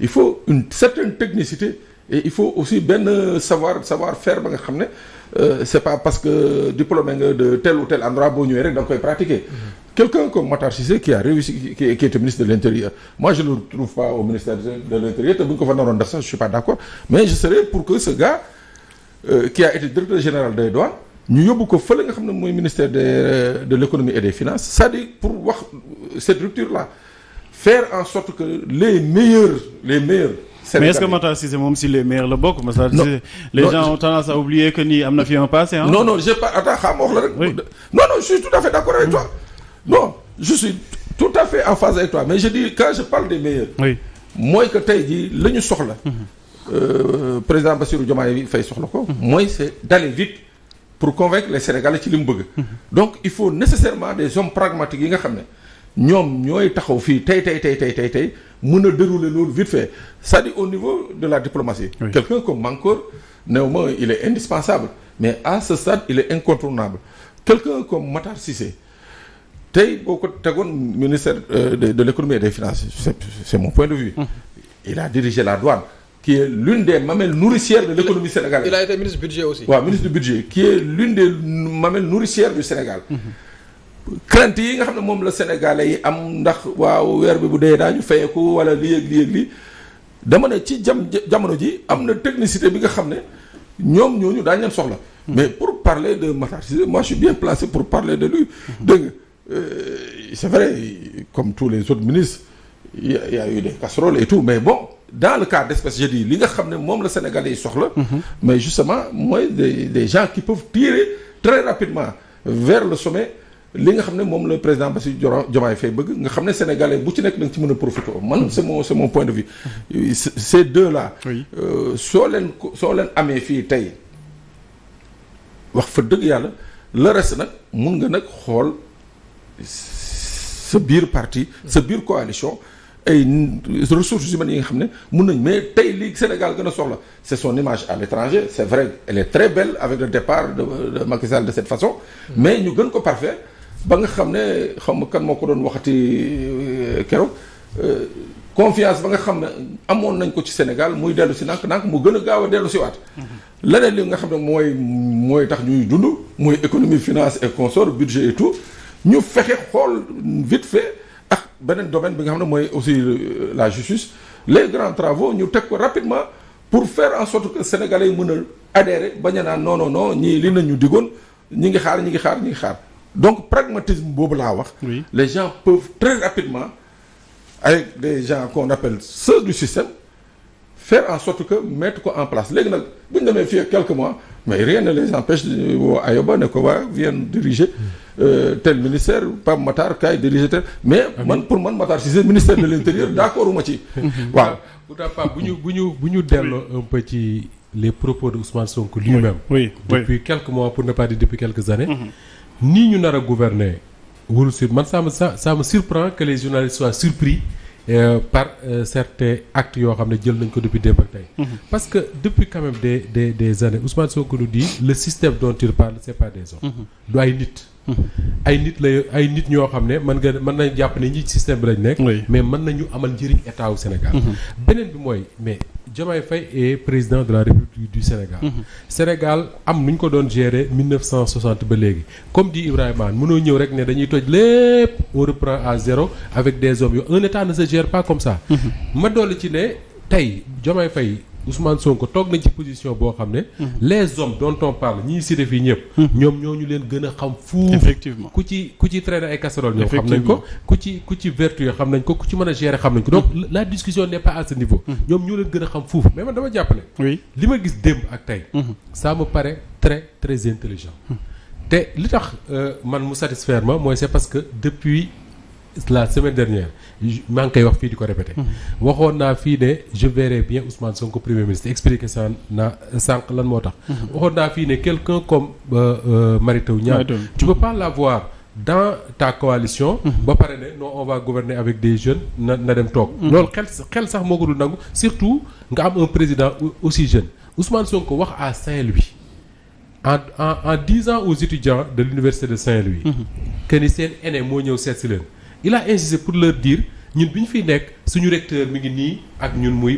il faut une certaine technicité et il faut aussi bien savoir savoir faire ba nga euh, c'est pas parce que diplômé nga de tel ou tel endroit boo ñëwee rek da mm-hmm. quelqu'un comme Matar Cissé qui a réussi qui était ministre de l'intérieur moi je ne le trouve pas au ministère de l'intérieur te ne ko fa je suis pas d'accord mais je serais pour que ce gars euh, qui a été directeur général des douanes ñu yóbbu ko feul nga moy ministère de l'économie et des finances ça dit pour wax cette rupture là faire en sorte que les meilleurs, les meilleurs mais est-ce que si c'est même si les meilleurs la bokk ça, les gens ont tendance à oublier que nous n'avons passé hein. non non je pas attends xam non non je suis tout à fait d'accord avec toi mm. non je suis tout à fait en phase avec toi mais je dis quand je parle des meilleurs oui moi, que dit le le ñu là, mm-hmm. euh, président Bassirou Diomaye sur le ko mm-hmm. moi c'est d'aller vite pour convaincre les Sénégalais qui l'aiment. Mm-hmm. donc il faut nécessairement des hommes pragmatiques yi nga ñom ñoy taxaw fi tey tey tey tey tey tey mëna dérouler vite fait ça dit au niveau de la diplomatie quelqu'un comme Mankor néanmoins il est indispensable mais à ce stade il est incontournable quelqu'un comme Matar Cissé tey boko tagone ministre euh, de l'économie et des finances c'est mon point de vue hum. il a dirigé la douane qui est l'une des mamelles nourricières de l'économie sénégalaise il a été ministre du budget aussi Oui, ministre du budget qui est l'une des mamelles nourricières du Sénégal hum, hum crainte yi nga xam mom la sénégalais yi am ndax waaw weer bi bu dee daañu fayeku wala li yëg li yëg li dama né ci jam jamono ji am na technicité bi nga xam ñom ñoom ñooñu daañu leen soxla hmm. mais pour parler de Matar moi je suis bien placé pour parler de lui hmm. de euh, c'est vrai comme tous les autres ministres il y a eu des casseroles et tout mais bon dans le cas d'espèce je dis li nga xam mom le la sénégalais yi soxla hmm. mais justement moi des des gens qui peuvent tirer très rapidement vers le sommet li nga xam mom moom président Bassi Diomaye fay bëgg nga xam sénégalais bu ci nek da ci mëna profiter c'est mon c'est mon point de vue euh, ces deux là euh, so len so len amé fi tay wax fa deug yalla le reste nak mun nga nak xol ce bir parti ce bir coalition ay ressources humaines yi nga xam ne nañ mais tay li Sénégal gëna soxla c'est son image à l'étranger c'est vrai elle est très belle avec le départ de Macky Sall de cette façon mm. mais ñu gën ko parfait ba nga xam ne euh, euh, confiance ba nga Sénégal muy dellu si mu a mm-hmm. leneen li nga économie finance et consort budget et tout ñu fexe vite fait ak domaine bi aussi euh, la justice les grands travaux ñu rapidement pour faire en sorte que sénégalais adhérer non non non ñii li nañu ñi xaar ñi xaar ñi donc pragmatisme les gens peuvent très rapidement avec des gens qu'on appelle ceux du système faire en sorte que mettre quoi en place Vous nag bu quelques mois mais rien ne les empêche de Ayoba ne diriger euh, tel ministère pas Matar Kay, diriger tel mais ah pour moi, Matar le ministère de l'Intérieur, d'accord ou accord ci. pas, un petit les propos de Ousmane Sonko lui-même. depuis quelques mois pour ne pas dire depuis quelques années. Mm-hmm ni ñu gouverner ça me surprend que les journalistes soient surpris euh, par euh, certains actes yoo xam jël depuis des mm-hmm. parce que depuis quand même des des des années Ousmane dit le système dont il parle c'est pas des hommes. Mm-hmm. ay nit. Mm-hmm. ay nit ñoo système mais nañu amal Sénégal. mais. Diomaye Faye est président de la République du Sénégal. Mhm. Sénégal a géré 1960 ba comme dit Ibrahim, dañuy toj on reprend à zéro avec des hommes un état ne se gère pas comme ça. Mhm. ma suis ci ne Faye Ousmane Sonko tok na ci position bo xamné mhm. les hommes dont on parle ñi ci def yi ñep mhm. ñom ñoo ñu leen gëna xam fuuf. effectivement ku ci ku ci traîner ay casserole ñoom xam nañ ko. ku ci ku ci vertu xam nañ ko ku ci mëna gérer xam nañ ko donc mhm. la discussion n'est pas à ce niveau. ñom ñoo leen gëna xam fuuf mais man dama jappalé oui lima gis demb ak tay ça me paraît très très intelligent. té li tax euh, man mu satisfaire ma mooy c'est parce que depuis la semaine dernière je vais wax répéter mhm. je verrai bien Ousmane Sonko premier ministre expliquez ça na que lan moo tax. Mhm. quelqu'un comme Marita Ounia, tu tu peux pas l'avoir dans ta coalition. Mhm. non on va gouverner avec des jeunes na dem toog. xel surtout nga un président aussi jeune Ousmane Sonko à Saint-Louis. en en disant aux étudiants de l'université de Saint-Louis. que y a aîné les ñëw seet il a insisté pour leur dire ñun buñ fi nek suñu recteur mi ngi ak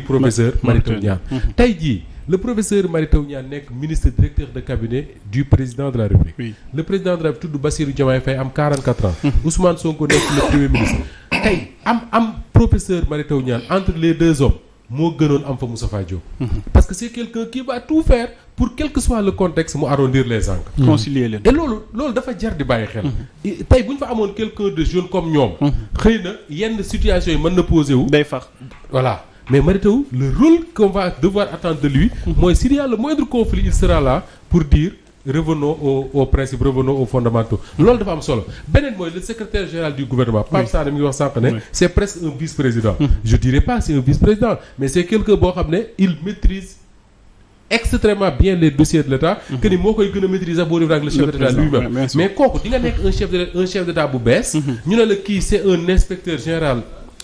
professeur Maritou mhm. le professeur Maritou ministre directeur de cabinet du président de la République le président de la République a Bassirou Diomaye am 44 ans mhm. Ousmane Sonko le premier ministre tay am am professeur Maritou entre les deux hommes moo gënoon am fa Faye Diop mhm. parce que c'est quelqu'un qui va tout faire pour quel que soit le contexte mu arrondir les angles mhm. concilier leen et loolu loolu dafa jar di bàyyi xel mhm. tey bu ñu fa quelqu'un de jeune comme ñoom xëy na yenn situation yi mën na poser wu day fax voilà mais malgré le rôle qu'on va devoir attendre de lui mooy s'il y a le moindre conflit il sera là pour dire revenons au au principe revenons aux fondamentaux Lol dafa am solo le secrétaire général du gouvernement c'est presque un vice-président mm-hmm. je dirais pas c'est un vice-président mais c'est quelque bon il maîtrise extrêmement bien les dossiers de l'État mm-hmm. que ni mots gëna maîtriser le chef d'État lui-même mais quand di nga un chef de un chef d'État bu mm-hmm. ñu le c'est un inspecteur général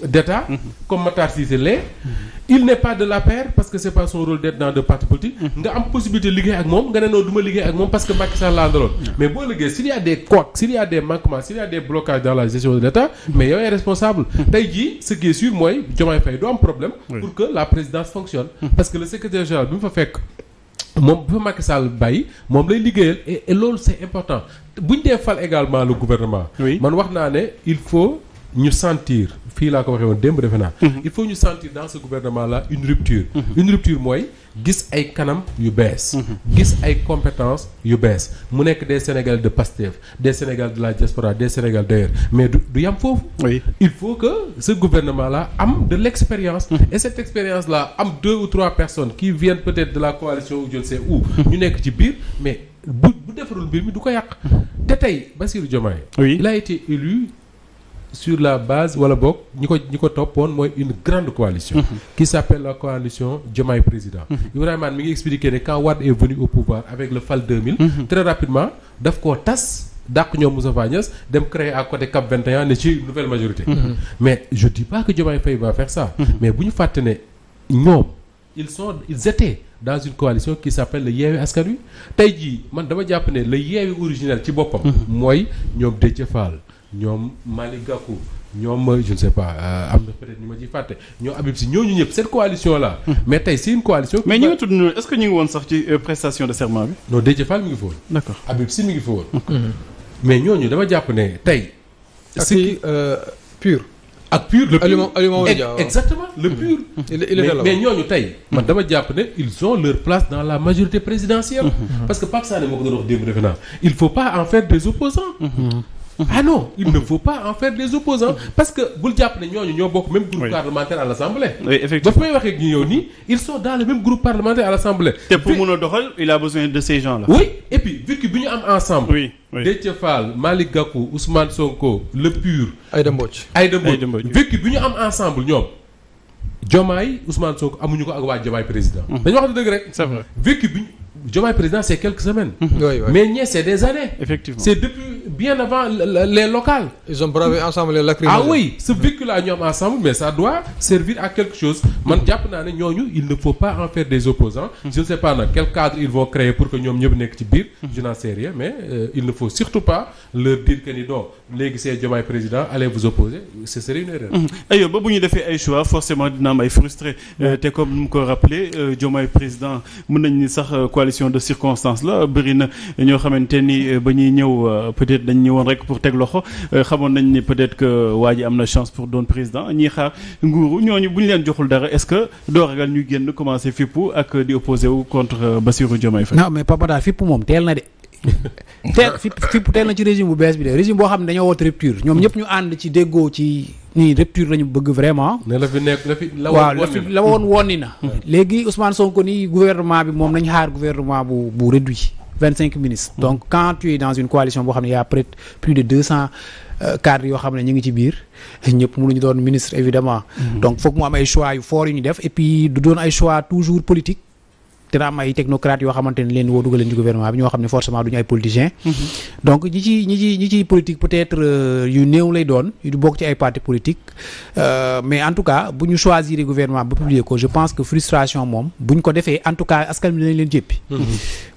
d'État, mhm. comme Matar l'est. Mhm. Il n'est pas de la paire parce que c'est pas son rôle d'être dans le parti politique. Mhm. a une possibilité de liguer ak moi, nga ne non possibilité de lier avec moi parce que Macky Sall la drôle. Mais bon gars s'il y a des couacs, s'il y a des manquements, s'il y a des blocages dans la gestion de l'État, mais il est responsable. Il ce qui est sûr moi Diomaye Faye du un problème pour que la présidence fonctionne parce que le secrétaire général il faut faire fekk Macky Sall et, l'eau c'est important. Il faut également le gouvernement. il faut nous sentir fii laa ko waxee mhm. il faut nous sentir dans ce gouvernement là une rupture. Mhm. une rupture mooy gis ay kanam yu bees. Mhm. gis ay compétences yu bees mu des sénégal de Pastef des sénégal de la diaspora des Sénégalais d'ailleurs mais du yam il faut que ce gouvernement là am de l'expérience. et cette expérience là am deux ou trois personnes qui viennent peut-être de la coalition ou je ne sais où. ñu nekk ci mais bu bu defarul le mi du ko yàq. il a été élu sur la base wala bok ni ko ni ko une grande coalition mhm. qui s'appelle la coalition Diomaye Président mhm. Ibrahima mi ngi que quand Wade est venu au pouvoir avec le fall 2000 mhm. très rapidement daf ko tas dàq ñom Moustapha Niass dem créer à côté Cap 21 ne ci nouvelle majorité mais je dis pas que Diomaye Fay va faire ça mais buñu faté né ñom ils sont ils étaient dans une coalition qui s'appelle le Yewi Askan Wi tey jii man dama japp né le Yewi originel ci boppam mooy ñoom Fall nous, avons Gakou je ne sais pas euh, am na peut-être cette coalition là. Hum. mais c'est une coalition. mais est-ce que nous ngi won sax euh, prestation de serment bi. non déjà Fall mi ngi d'accord Habib mi ngi hum. mais nous, dama né ne c'est euh, pur. pur exactement le hum. pur. mais nous, tay man dama japp ils ont leur place dans la majorité présidentielle. parce que pas que ça il faut pas en faire des opposants ah non il ne faut pas en faire des opposants parce que vous le ne nous ñoo le même groupe parlementaire à l'Assemblée. oui effectivement Donc, ils sont dans le même groupe parlementaire à l'Assemblée? C'est pour mon il a besoin de ces gens là oui et puis vu que nous am ensemble oui Déthié Gakou Ousmane Sonko Le Pur Aïda Mbodj Vu que vécu bi ensemble ñoom Ousmane Sonko amuñu ko président. waa Diomaye président mhm. dañu wax c'est vrai Djomay président c'est quelques semaines. Mhm. mais Niass c'est des années. effectivement c'est depuis bien avant les locales. ils ont bravé ensemble les lacrymogènes. ah oui ce véhicule là ñoom ensemble mais ça doit servir à quelque chose man il ne faut pas en faire des opposants mhm. je ne sais pas dans quel cadre ils vont créer pour que nous ñëpp nekk ci mhm. je n'en sais rien mais euh, il ne faut surtout pas leur dire que ni non léegi c'est président allez vous opposer ce serait une erreur. aywa ba bu ñu ay choix forcément dina am ay frustrés euh, comme nous, mu ko rappelé Jomaay euh, président mën ni sax coalition de circonstances là, brine nous ñoo xamante ni euh, ba ñuy ñëw euh, peut-être dañ ñëwoon rek pour teg loxo euh, avons nañ peut-être que waa ji a chance pour don président ñiy xaar on ñooñu bouge rien du joxul dara est-ce que doo ragal nous génn commencer fippu ak di opposé ou contre Bassirou Diomaye Faye. non mais pas Makhtar fippu moom teel na teel fi fi teel na ci régime bu bees bi de régime bo xam ne dañoo rupture ñom ñëpp ñu and ci déggoo ci ni rupture lañu bëgg vraiment. né la fi nekk la fi la waaw la fi la woon wonni na. Hmm. léegi Ousmane Sonko ni gouvernement bi mom nañ xaar gouvernement bu bu réduit 25 ministres. Hmm. donc quand tu es dans une coalition bo xam ne y' a près plus de 200 cent euh, cadres yoo xam ne ngi ci biir mënu ñu doon ministre évidemment hmm. donc foog mu am ay choix yu fort yu ñu def et puis du doon ay choix toujours politique drama yi technocrate technocrates yoo xamante ne leen woo dugal leen gouvernement bi ñoo xamni forcément duñ ay politiciens. Mhm. donc ñi ci ñi ci ñi ci politique peut-être euh, yu néew lay doon yu bok ci ay parti politique euh, mais en tout cas buñu ñu le gouvernement ba publier ko je pense que frustration mom buñ ko défé en tout cas askan mi lañ leen jépi mhm.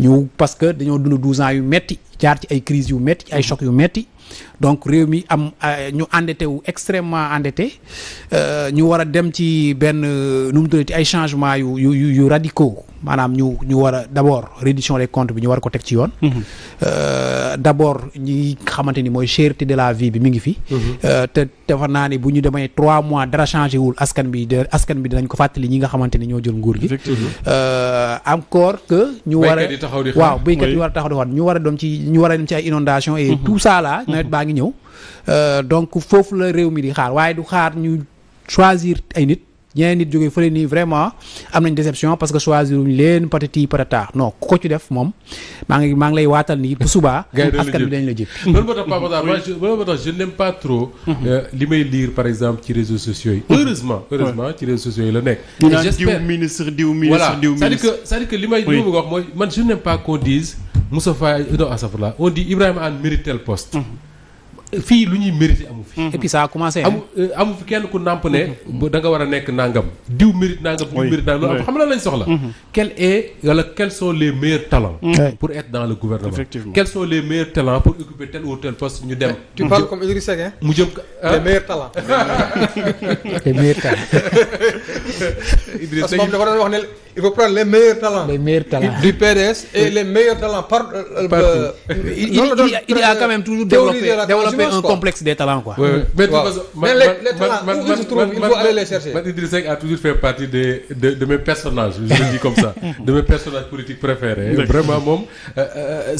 ñu parce que dañoo dund 12 yu metti jaar ci ay crise yu metti ay choc yu metti donc réew mi am euh, ñu endetté wu extrêmement endetté euh, ñu war a dem ci benn euh, nu mu tuddati ay changement yu yu yu yu radicaux maanaam ñu ñu war a d'abord reddition des comptes bi ñu war ko teg ci yoon mhm. d'abord ñi xamante ni mooy cherté de la vie bi mi ngi fi mhm. te naa ne bu ñu demee trois mois dara changé wul askan bi de askan bi dinañ ko fàttali ñi nga xamante ni ñoo jël nguur gi encore que ñu war a waaw béykat yi war a ñu war a dem ci ñu war a dem ci ay inondation et mhm. tout ça ngi ñëw euh, donc foofu la réew mi di xaar waaye du xaar ñu choisir ay nit ñeneen nit jógee fële nii vraiment am nañ déception parce que choisir wuñ leen patati patata non ku ko ci def moom maa ngi maa ngi lay waatal ni bu suba askan bi dañ la jëpp loolu moo tax Pape loolu ba tax je n'aime pas trop. Mhm. Euh, li may lire par exemple ci réseaux sociaux yi. Mhm. heureusement heureusement ci réseaux sociaux yi la nekk. ñu diw ministre diw ministre diw ministre voilà c'est-à-dire que li may li ma wax mooy man je n'aime pas qu'on dise Moussa Faye euh, non Asafala on dit Ibrahima Anne mérite tel poste. Mhm fii lu ñuy mérite amu fi. et puis ça a commencé hein. amu euh, amu fi kenn ku nàmp ne. da nga war a nekk nangam. diw mérite nangam diw mérite nangam loolu xam la lañ soxla. quel est wala quels sont les meilleurs talents. pour être dans le gouvernement. effectivement quels sont les meilleurs talents pour occuper tel ou tel poste ñu dem. tu parles comme Idriss Seck hein? mu jëm hein? les meilleurs talents. les meilleurs talents. Idriss Seck moom dafa doon wax ne il faut prendre les meilleurs talents. Les meilleurs talents. Du PDS et les meilleurs talents par, euh, euh, il, il, il, a euh, quand même toujours développé, développé un complexe des talents. Quoi. Mais, façon, mais les, les, il faut aller les chercher. Idrissek a toujours fait partie de, de, mes personnages, je le dis comme ça, de mes personnages politiques préférés. Vraiment, euh,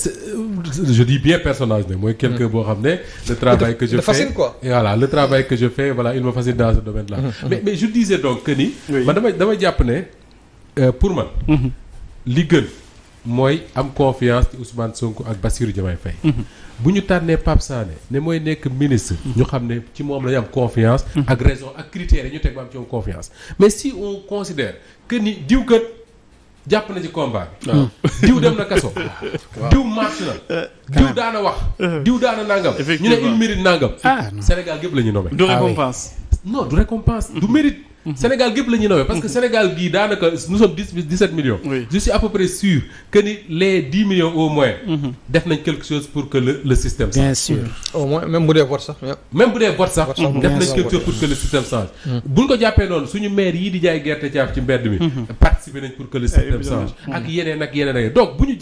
je dis bien personnage, mais moi, quelqu'un mm. ramener, le travail que je fais. quoi. Et voilà, le travail que je fais, voilà, il me fascine dans ce domaine-là. Mm. Mais, je disais donc, Kenny, dans ma Diapne, euh, pour man. Mhm. li gën mooy am confiance ci Ousmane Sonko ak Bassirou Diomaye Faye. Mhm. bu ñu Pape Sané ne mooy nekk ministre. Mhm. ñu ne ci moom la confiance. ak raison ak critères ñu confiance mais si on considère que ni diw na combat bi. dem na kaso. diw marche na. Euh, diw daana wax. Euh. diw daana nangam. ñu il mérite nangam. Ah, Sénégal la ah du récompense. non du récompense du mérite. Mhm. Sénégal give la parce que mhm. nous sommes 17 millions. je suis à peu près sûr que les 10 millions au moins. Mhm. def quelque chose pour que le système. change bien sûr au moins même bu voir vote même bu voir vote quelque chose pour que le système change. Mm. buñ ko jappé non suñu maire yi di jay ci mi. Mm-hmm. participer nañ pour que le eh, système change. Mm-hmm. ak yeneen ak yeneen ak donc buñu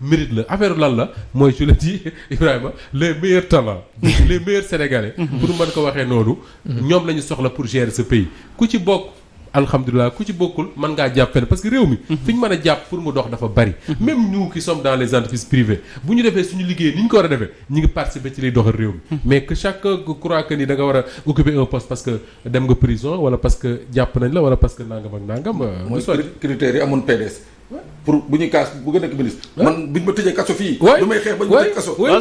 mérite la affaire lan la moy Ibrahima les meilleurs talents. Mm-hmm. les meilleurs sénégalais. pour ko waxé soxla pour gérer ce pays. ku ci bokk alhamdulilah ku ci bokkul man ngaa jàpp fenn parce que réew mi mhm. fi ñu mën a jàpp pour mu dox dafa bari mhm. même nous qui sommes dans les entreprises privées bu ñu defee suñu liggéey ni ñu ko war a defee ñu ngi participer ci liy doxal réew mi mhm. mais que chacun croit que ni da war a occuper un poste parce que dem nga prison wala parce que jàpp nañ la wala parce que nangam ak nangam euh, mooy critères yi amoon PDS pour que vous bu ministre. man ma kasso fi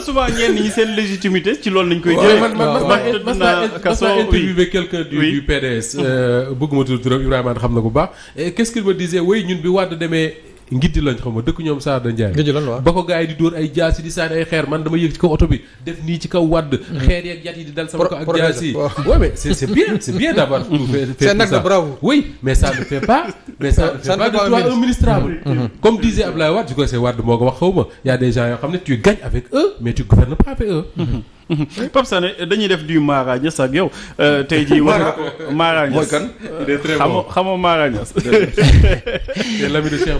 souvent ñi seen légitimité ci loolu lañ koy dit. man man man du du PDS. Euh, bëgguma Ibrahima xam bu baax. qu'est-ce qu'il me disait oui ñun bi ngiddi lañ xaw ma dëkk ñoom Saada Ndiaye ba ko gars di door ay jaasi di saani ay xeer man dama yëg ci kaw auto bi def nii ci kaw wàdd mhm. xeer yeeg yat yi di dal sama kaw ak jaasi ouais mais c'est c'est bien c'est bien d'avoir c'est un acte de bravo oui mais ça ne fait pas mais ça ne fait pas de toi un ministrable mhm. mhm. comme disait Ablaye Wade je crois c'est Wade moo ko wax xaw ma y a des gens yoo xam ne tu gagnes avec eux mais tu gouvernes pas avec eux Pape Sané dañuy def du Marañas ak yow euh, tey jii wax nga ko Marañas xamoo xamoo Marañas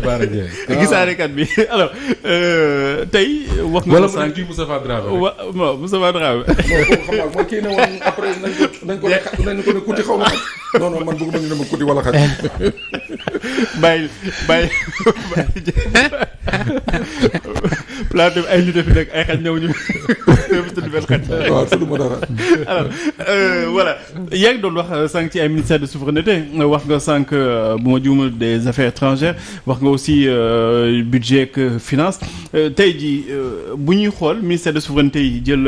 ah. gisaanekat bi alors euh, tey wax nga ko sànq Moustapha mooy kii ne woon après nañ ko ne kuti xaw ma xaj non man bëgguma ñu ne ma kuti wala xaj bàyyi bàyyi plateau ay nit a fi ay xaj ñëw ñu suñu benn xaj waaw ma dara alors euh, voilà yaa doon wax sànq ci ay ministère de souveraineté wax nga sank euh, bu ma des affaires étrangères wax nga aussi euh, budget ak finance tey jii bu ñuy ministère de souveraineté yi jël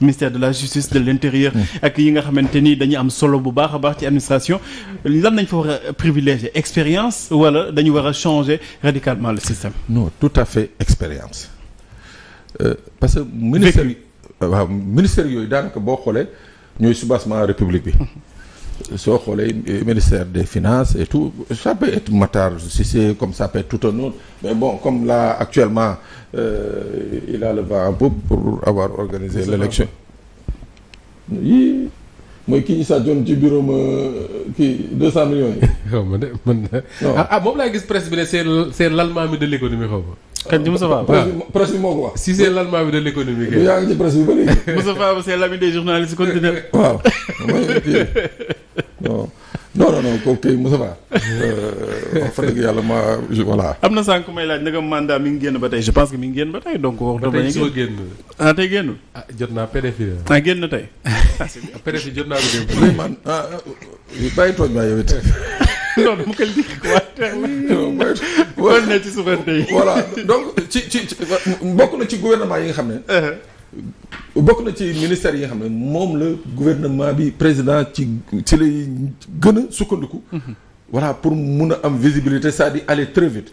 ministère de la justice de l'intérieur mm. ak yi nga xamanteni dañuy am solo bu baax a baax ci administration lan nañ fa wara privilégier expérience wala dañu wara changer radicalement le système non tout à fait expérience euh, parce que ministère yi euh, waaw ministère yooyu daanaka boo xoolee ñooy soubassement république bi mhm. so xolé ministère des finances et tout ça peut être Matar c'est comme ça peut être tout un autre mais bon comme là actuellement euh, il a le vent en poupe pour avoir organisé l'élection yii mooy kii ñu sa doon ci bureau ma kii 200 millions yi. xaw ma de man ah, ah moom laa gis presse bi ne c'est c'est l'almaami de l'économie xaw kan ci Moustapha Ba presse bi de l'économie. bu waaw non non non kooku kay Moustapha. Euh, fa dëgg yàlla ma voilà. am na sànq may laaj naka mandat mi ngi génn ba tey je pence que mi ngi génn ba tey donc. wax dëgg yàlla ba génn. ah tey génn. ah jot naa PDF yi ah, tey. Ah, non dama ci souveraineté yi. voilà donc ci ci bokk na ci gouvernement yi nga xam ne. Uh-huh. bokk na ci ministère yi nga xam ne moom la gouvernement bi président ci ci lay gën sukkandiku. Mm-hmm. voilà pour mun a am visibilité cest di dire aller très vite.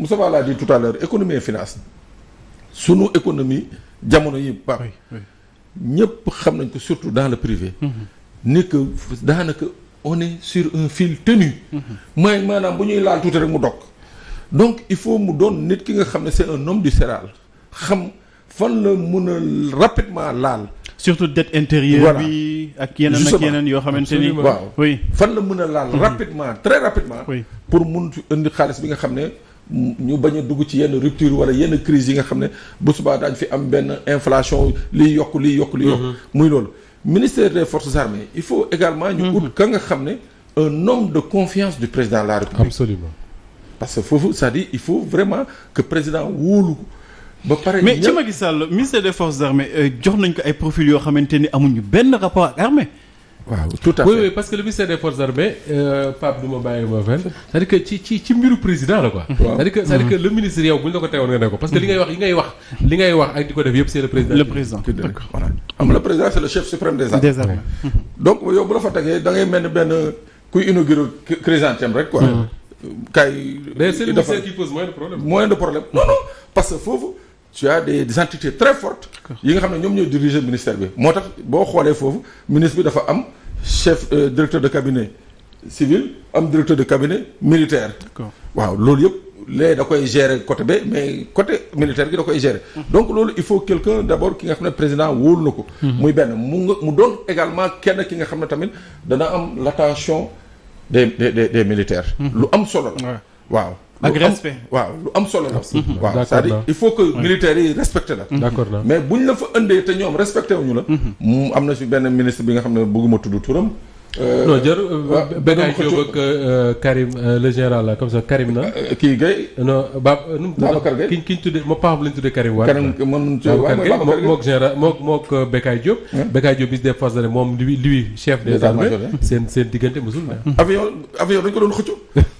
Moussa l'a dit tout à l'heure économie et finance sunu économie économies, yi pap ñëpp xam que surtout dans le privé mhm. ni que que on est sur un fil tenu mhm. moi, maanaam bu ñuy laal rek mu donc il faut mu donner nit ki nga c'est un homme du serral xam fan la rapidement laal surtout dette intérieure bi ak a ak yeneen a xamante oui fan la mun a mhm. rapidement très rapidement pour mun indi xaalis bi nga ñu bañ a dugg ci yenn rupture wala yenn crise yi nga xam ne bu subaa fi am inflation liy yokk liy yokk mhm. muy ministère des forces armées il faut également ñu mhm. ut ka nga un homme de confiance du président de la République absolument parce que foofu dit, il faut vraiment que président wóolu ba pare mais ci ça, le ministère des forces armées euh, jox nañ ko ay profils yoo xamante ni amuñu benn rapport ak armée waaw tout à fait oui parce que le ministère des forces armées euh, Pape du ma bàyyi c'est-à-dire que ci ci ci mbiru président la quoi. c'est-à-dire que mm-hmm. le ministère, yow bu ñu la ko teewoon nga ne parce que li ngay wax li ngay wax li ngay wax ak di def yëpp c'est le président. le président d'accord voilà. am le président c'est le chef suprême des armées. Mm-hmm. donc yow bu la fa tegee da ngay mel ni benn kuy inauguré chrysanthème rek quoi. Mm-hmm. mais c'est le ministère qui pose moins de problème. moins de problème non non parce que foofu. tu as des, des entités très fortes yi nga xam ne ñoom diriger ministère bi moo tax boo xoolee foofu ministre bi dafa am chef euh, directeur de cabinet civil am directeur de cabinet militaire. waaw l'OLU les lee da gérer côté B, mais côté militaire qui da koy gérer. Mhm. donc l'OLU il faut quelqu'un d'abord qui nga un président ou le loco. muy ben mu également quelqu'un qui nga xam ne tamit l'attention des des militaires. Mhm. lu am solo ak respect waaw lu am solo la. Mhm. waaw c'est-à-dire il faut que militaires yi respecté la. Mhm. d'accord mais buñ la fa ëndee te ñoom respecté wuñu la. Mhm. mu am na fi benn ministre bi nga xam ne bëgguma tudd turam. Euh, non jër Benoît Diop ak Karim euh, le général la comme ça Karim na. Euh, kii Guèye. non Ba nu mu. Babacar kiñ ki ki ñu tuddee ma paxam la tuddee Karim. Karim man Babacar Guèye moom général mook mook Bekay Diop. Bekay Diop bis des forces armées moom lui lui chef des armées seen seen diggante mosul. avion avion dañ ko doon xëccu.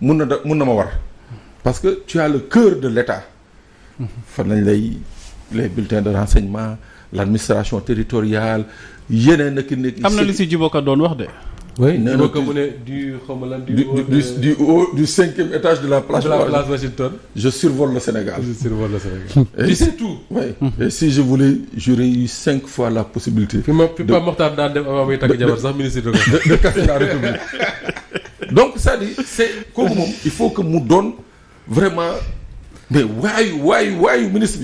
mun na ma war parce que tu as le cœur de l'État fan lañ lay les bulletins de renseignement l'administration territoriale yenen ak nekk am na lu si Djiboka doon wax de oui nee na ko mu ne du xawma lan du du haut du 5e étage de la place de la place Washington je survole le Sénégal je survole le Sénégal c'est tout oui et si je voulais j'aurais eu 5 fois la possibilité fi ma pas Pape Makhtar daan def avant muy tagg jabar sax ministre de de la République donc ça dit, c'est il faut que nous donne vraiment mais why, why waayu ministre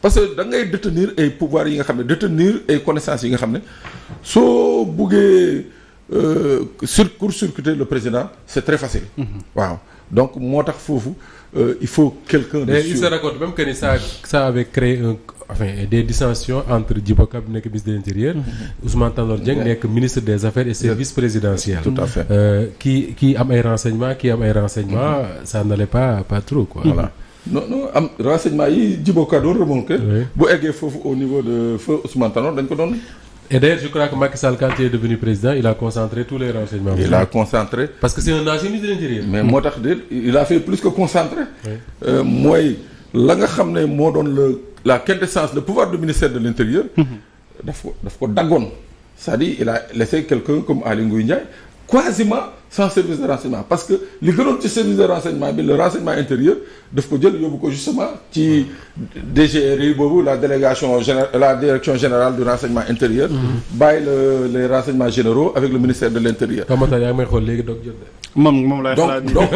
parce que dans les détenir et pouvoir yi nga xam détenir et connaissances yi nga voulez so euh, sur court-circuiter le président c'est très facile mm-hmm. waaw donc t'as fou fou. Euh, il faut quelqu'un de Mais Il se raconte même que ça, ça avait créé un, enfin, des dissensions entre Djibo le ministre de l'Intérieur, mhm. Ousmane Tanor Dieng, mm ministre des Affaires et Services présidentiels. Tout à fait. Euh, qui, qui a un renseignement, qui a un renseignement, mhm. ça n'allait pas, pas trop. Quoi. Voilà. Mhm. non non am renseignement Djiboka Djibo Ka doon remonté. bu eggee foofu au niveau de feu Ousmane Tanor vous ko et d'ailleurs, je crois que Macky Sall, est devenu président, il a concentré tous les renseignements. Il a concentré. Parce que c'est un ancien ministre de l'Intérieur. Mais moi, il a fait plus que concentrer. Euh, moi, là, je moi, donne le, la quintessence, le pouvoir du ministère de l'Intérieur, mhm. d'agon. C'est-à-dire, il a laissé quelqu'un comme Alingou Ndiaye quasiment sans service de renseignement parce que les grand service de renseignement le renseignement intérieur daf ko jël yóbbu ko justement ci DGRI la délégation la direction générale du renseignement intérieur. Mm-hmm. bàyyi le les renseignements généraux avec le ministère de l'Intérieur. Comment tu as ngi may xool léegi doog jot de. donc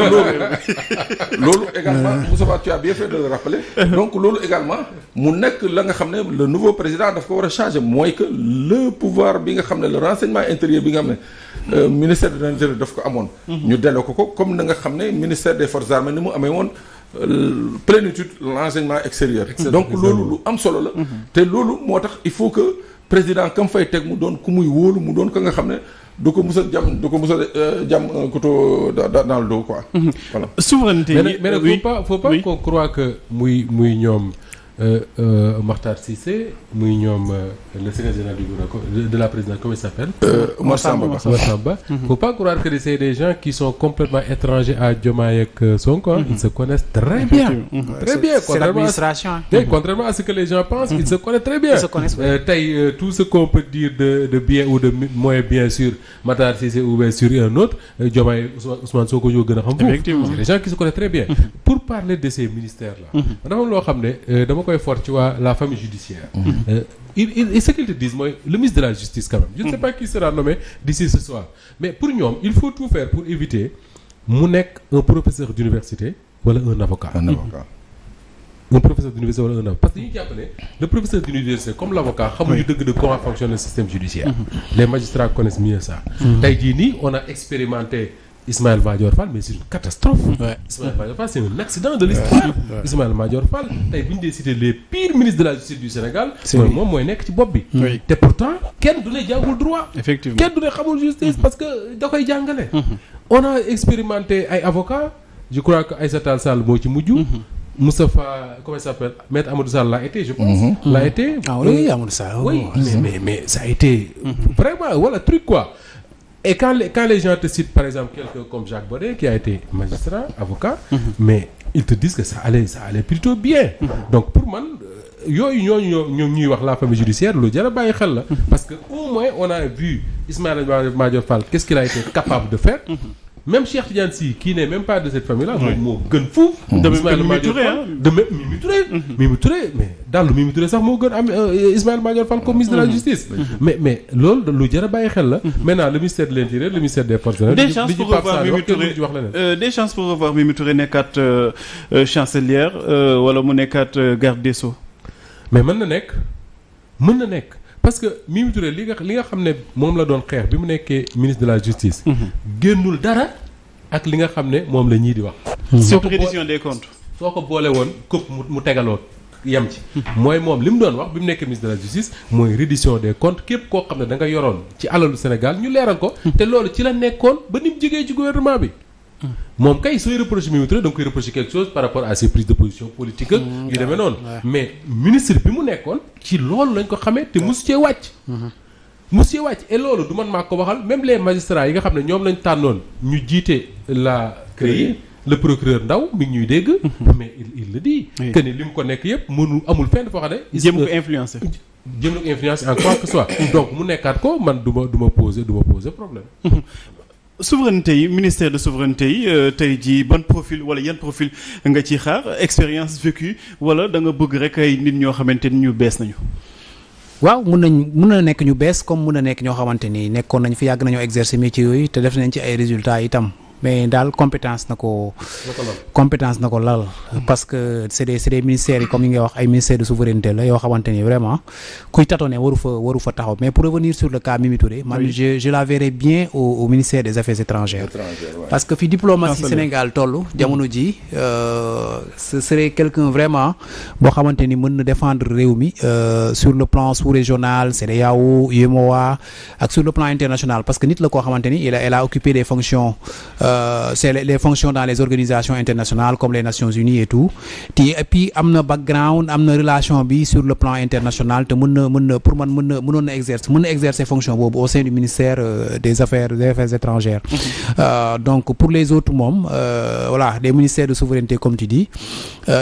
donc également Moussa tu as bien fait de le rappeler. donc loolu également mu que le nouveau président daf ko war que le pouvoir bi nga le renseignement intérieur euh, ministère de l'Intérieur daf ko amone ñu delloo ko comme nga xamné ministère des forces armées ni mu amé euh, plénitude l'enseignement extérieur. donc lolu lu am solo la. Mhm. té lolu il faut que président comme fay mu don ku muy wolu mu don nga xamné du ko euh, dans le dos quoi. Mhm. voilà souveraineté mais mais faut pas faut pas qu'on croit que muy muy ñom euh, euh, Martar Cissé euh, le secrétaire général de la présidence comment il s'appelle Il ne mm-hmm. faut pas croire que c'est des gens qui sont complètement étrangers à Diomaye Sonko hein. ils mm-hmm. se connaissent très bien mm-hmm. très bien c'est l'administration hein. contrairement à ce que les gens pensent ils se connaissent très bien tout ce qu'on peut dire de bien ou de moins bien sûr Martar Cissé ou bien sur un autre Diomaye Ousmane Sonko des gens qui se connaissent très bien pour parler de ces ministères là nous avons fort tu vois la famille judiciaire mhm. euh, il il ce qu'ils te disent moi le ministre de la justice quand même je ne sais mhm. pas qui sera nommé d'ici ce soir mais pour nous il faut tout faire pour éviter mon un professeur d'université voilà un avocat un avocat un professeur d'université ou un avocat parce que y a appelé le professeur d'université comme l'avocat xamuñu dëgg de comment fonctionne le système judiciaire mhm. les magistrats connaissent mieux ça tey on a expérimenté Ismaël Madior mais c'est une catastrophe. Ouais. Ismaël Madior c'est un accident de l'histoire. Ismaël Madior Fall a bu cité les pires ministres de la justice du Sénégal. Moi moi, mooy nekk ci bopp bi. Et pourtant quel est le droit. effectivement est le ne xamul justice mm-hmm. parce que da koy jàngale. Mm-hmm. on a expérimenté un avocat, je crois que Aïssata Tall Sall moo ci mm-hmm. Moustapha comment ça s'appelle maître Amadou Sall l'a été je pense. été. ah oui euh, Amadou Sall. Oh, oui mais mais mais ça a été. vraiment voilà truc quoi. Et quand les, quand les gens te citent, par exemple, quelqu'un comme Jacques Boré, qui a été magistrat, avocat, mhm. mais ils te disent que ça allait, ça allait plutôt bien. Mhm. Donc pour moi, nous avons la famille judiciaire mhm. parce que au moins on a vu Ismaël Madior qu'est-ce qu'il a été capable de faire même Cheikh Tidiane Sy qui n'est même pas de cette famille là moom moo gën fuuf dama mhm. de Mimi Touré Mimi Touré mais dans le Mimi Touré sax moo gën am euh, Ismaël Madior Fall comme ministre de la mhm. justice mhm. mais mais l'ol, lu jar a xel la maintenant le ministère de l'intérieur le ministère des forces des chances pour euh, des chances pour revoir Mimi Touré nekkaat euh, chancelière wala mu nekkaat garde des sceaux mais mën na nekk mën na parce que Mimi Touré li nga li nga xam ne moom la doon xeex bi mu nekkee ministre de la justice. Mhm. génnul dara ak li nga xam ne moom la ñii di wax. Mhm. surtout des comptes. soo ko boole woon këpp mu tegaloo yem ci. Mhm. mooy moom li mu doon wax bi mu nekkee ministre de la justice mooy reddition des comptes képp koo xam ne da nga yoroon ci alalu Sénégal ñu leeral ko. te loolu ci la nekkoon ba ni mu jógee ci gouvernement bi mom kay soy reproché Mimi Touré da nga koy reproché quelque chose par rapport à ses prises de position politique Il mm, yu non mais ministre bi mu nekkoon ci loolu lañ ko xamé te mosu cee wàcc mm-hmm. mosu et loolu du man maa waxal même les magistrats yi nga xamné ñom lañ tannon, ñu jité la créer le procureur Ndaw mi ngi ñuy dégg mm-hmm. mais il il le dit que ni lim ko nekk yépp mënu amul fenn fo xam ne ko influencer jéem ko influencer en quoi que soit donc mu nekkaat ko man duma duma poser duma poser problème souveraineté ministère de souveraineté yi euh, tey jii profil wala yan profil nga ci xaar expérience vécue wala da nga bëgg rek ay nit ñoo xamanteni ñu bëss nañu. waaw mun nañ mun na nekk ñu bëss comme mun na nekk ñoo xamante ni nañ fi yàgg nañoo exercer métier yooyu té def nañ ci ay résultats itam mais il compétence na ko compétence na lal parce que c'est des c'est des ministères comme wax ay ministères de souveraineté la yo xamanteni vraiment kuy waru fa waru fa mais pour revenir sur le cas Mimi Touré je je la verrai bien au, ministère des affaires étrangères parce que fi diplomatie ah, Sénégal tollu jamono euh, ce serait quelqu'un vraiment bo xamanteni na défendre euh, sur le plan sous-régional sur le plan international parce que nit la ko elle a occupé des fonctions euh, euh, c'est les, fonctions dans les organisations internationales comme les Nations Unies et tout et puis am un background am une relation sur le plan international pour mon exercer au sein du ministère euh, des affaires des affaires étrangères mhm. euh, donc pour les autres membres voilà des ministères de souveraineté comme tu dis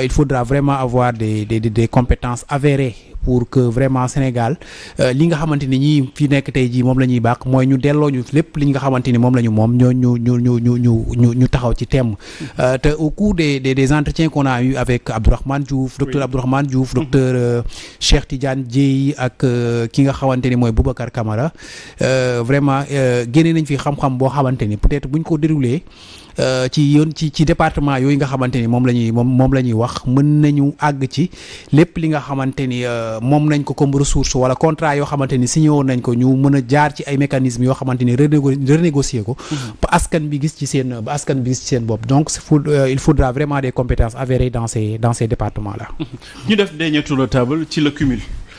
il faudra vraiment avoir des, des, des compétences avérées pour que vraiment Sénégal euh, li nga xamanteni ni fi nek tay ji mom lañuy bac moy ñu delloo ñu lépp li nga xamanteni mom lañu mom ñu ñu ñu ñu ñu ñu taxaw ci thème mm-hmm. euh te au cours des des des entretiens qu'on a eu avec Abdourahmane Diouf docteur Abdourahmane Diouf mm-hmm. docteur euh, Cheikh Tidiane Dieye ak euh, ki nga xamanteni moy mooy Boubacar Camara vraiment génne nañ fi xam-xam bo xamanteni peut-être buñ ko déroulé euh, ci yoon ci ci département yoy nga xamanteni mom lañuy mom ñuy moom wax mën nañu ag ci lepp li nga xamanteni euh, mom nañ ko comme ressource wala contrat yo xamanteni signé won nañ ko ñu mën jaar ci ay mécanismes yo xamanteni renégocier ko mm-hmm. ba askan bi gis ci sen ba askan bi gis ci sen bop donc euh, il faudra vraiment des compétences avérées dans ces dans ces départements là mm-hmm. ñu def dernier tour de table ci le cumul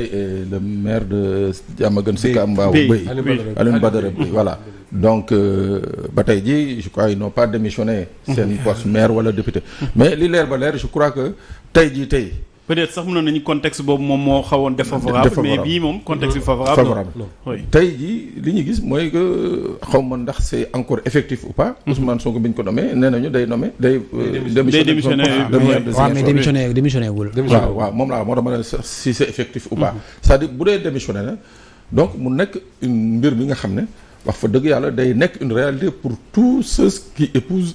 le maire de Yamagansika Sikambaoui. voilà donc euh, Bataïdi, je crois ils n'ont pas démissionné c'est une mhm. poste maire ou le député mais li je crois que Taïdi, était peut-être sax mënoon nañu contexte bobu mom mo xawoon défavorable mais bi mom contexte bi favorable favorable tey jii li ñu gis moy que euh, xaw ndax c'est encore effectif ou pas mhm. Ousmane Sonko biñ ko nommé nee nañu day nommé day euh, démissionné waaw mais démissionné démissionné wul mom la moom laa moo si c'est effectif ou pas mhm. c'est-à-dire bu dee donc mu nek une mbir bi nga xamné wax fa deug yalla day nek une réalité pour tous ceux qui épousent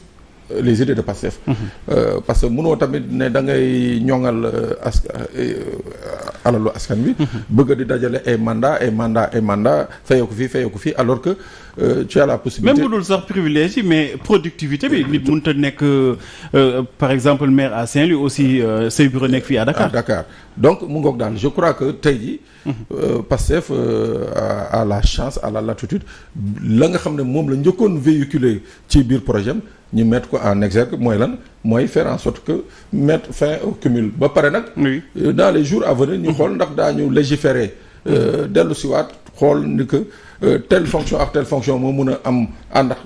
les idées de Pastef. Mhm. Euh, parce que mënoo tamit ne da ngay ñoŋal euh, as euh, alalu askan wi. Mhm. bëgg di dajale et mandat et mandat et mandat fayeeku fii fayeeku fii alors que tu as la possibilité. même bu dul sax privilège mais productivité bi nit mënut a nekk par exemple maire à Saint-Louis aussi c'est bureau nekk fii à Dakar. à Dakar donc mu ngoog daal je crois que tey mhm. euh, Pastef à la chance à la latitude la nga xam ne la véhiculer ci biir projet nous mettre en exergue nous lan faire en sorte que mettre fin au cumul ba paré nak euh, dans les jours à venir nous allons ndax légiférer. ci euh, wat xool ni que euh, telle fonction à telle fonction am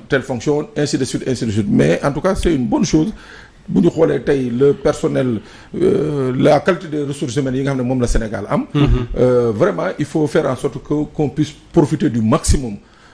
telle fonction ainsi de suite ainsi de suite mais en tout cas c'est une bonne chose. bu ñu xoolee le personnel la qualité des ressources humaines yi nga xamne mom la Sénégal mm-hmm. vraiment il faut faire en sorte que qu'on puisse profiter du maximum.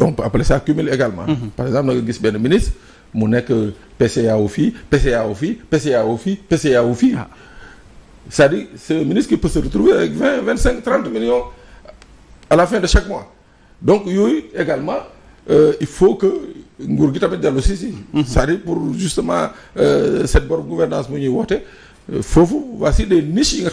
on peut appeler ça cumul également. Mhm. par exemple nga gis un ministre mu nekk PCA wu fii PCA PCA PCA cest à un ministre qui peut se retrouver avec 20 25 30 millions à la fin de chaque mois donc également euh, il faut que nous gi tamit aussi mhm. pour justement euh, cette bonne gouvernance mu ñuy woote vous euh, voici des niches yi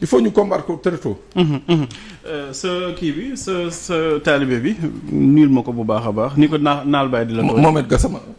il faut ñu combattre très tôt. Mhm, Euh, sa kii bi sa sa taalibe bi nuyul ma ko bu baax a baax ni ko naa naal bàyyi di la. Mohamed sama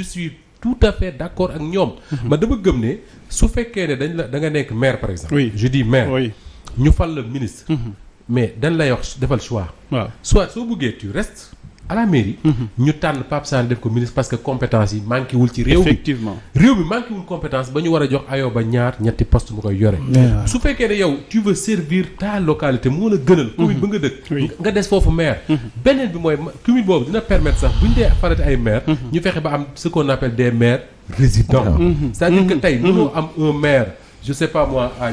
je suis tout à fait d'accord avec nous. Mais de gëm gommer, su fekkee ne dañ maire par exemple. oui je dis maire. oui Nous fal le ministre. Mhm. mais dans dañ vous wax le choix. soit, soit vous bëggee tu restes à la mairie. Mhm. ñu pas Pape def ko ministre parce que compétence yi manki wul ci réew effectivement réew bi manqué wul compétence ba ñu jox ayo ba ñaar ñetti poste mu koy tu veux servir ta localité mo la gënal. Mhm. dëkk. nga des fofu maire. Mhm. benen bi moy commune de dina permettre sax ce qu'on appelle des maires résidents. c'est-à-dire que tay ñu un maire je sais pas moi à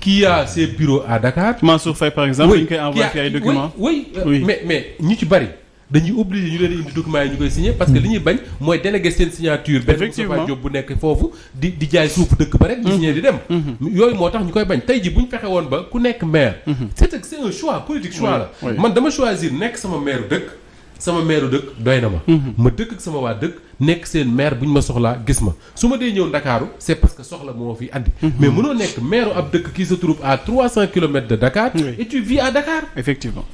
qui a ses bureaux à Dakar. Mansour par exemple. Qui a? envoyé documents. Euh, oui mais mais ni ci bari. dañuy obligé ñu de indi documents yi parce que mm. li ñuy bañ mooy délégué une signature benn Moustapha Diop bu nekk foofu di di jaay suuf dëkk ba rek di signé di dem mm-hmm. Mm-hmm. yooyu moo tax bañ tey ji bu ba maire c'est mm-hmm. c'est un choix politique choix man choisir nekk sama maire sama maire deuk doyna ma. Mhm. ma deuk ak sama wa deuk maire ma soxla gis ma suma ñew c'est parce que soxla suis fi andi. Mhm. mais mëno nek maire ab deuk qui se trouve à 300 km de Dakar. et tu vis à Dakar. effectivement.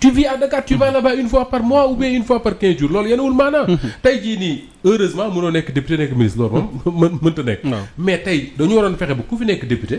tu vis à Dakar tu vas là-bas une fois par mois ou bien une fois par 15 jours C'est ce maanaam. Mhm. tey jii heureusement mënoo nekk député nekk ministre mais nous dañu waroon fexe faire ku fi député.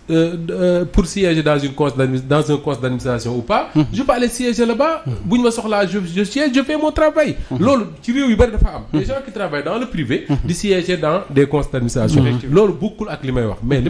Euh, euh, pour siéger dans, une course dans un conseil d'administration ou pas, mhm. je peux aller siéger là-bas. Mmh. Je, je siège, je fais mon travail. Lolo, tu veux, Les gens qui travaillent dans le privé, mhm. de siéger dans des conseils d'administration. Lolo, beaucoup à Mais les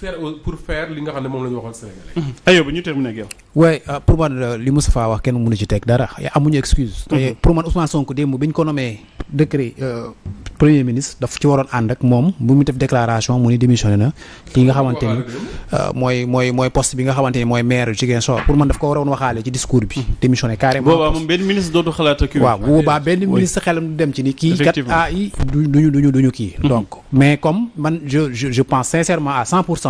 faire pour faire li nga xamne mom moom waxal Sénégalais. Mhm. ayo ba ñu terminé ak yow. oui euh, pour man euh, li Moustapha wax kenn mënu ci teg dara amuñu excuse. Mhm. pour man Ousmane Sonko dem biñ ko nommé décret euh, premier ministre daf ci waron and ak mom bu mu def déclaration mu ni démissionné na. ki nga xamanteni ni moy moy mooy poste bi nga xamanteni moy maire maire Ziguinchor pour man daf ko waron waxale ci discours bi. Mhm. démissionné carrément. boobaa mom benn ministre dootu xalat ak. waaw boobaa benn ministre xelam du dem ci ni. ki kat ah i duñu duñu duñu kii. donc mais comme man je je je pense sincèrement à 100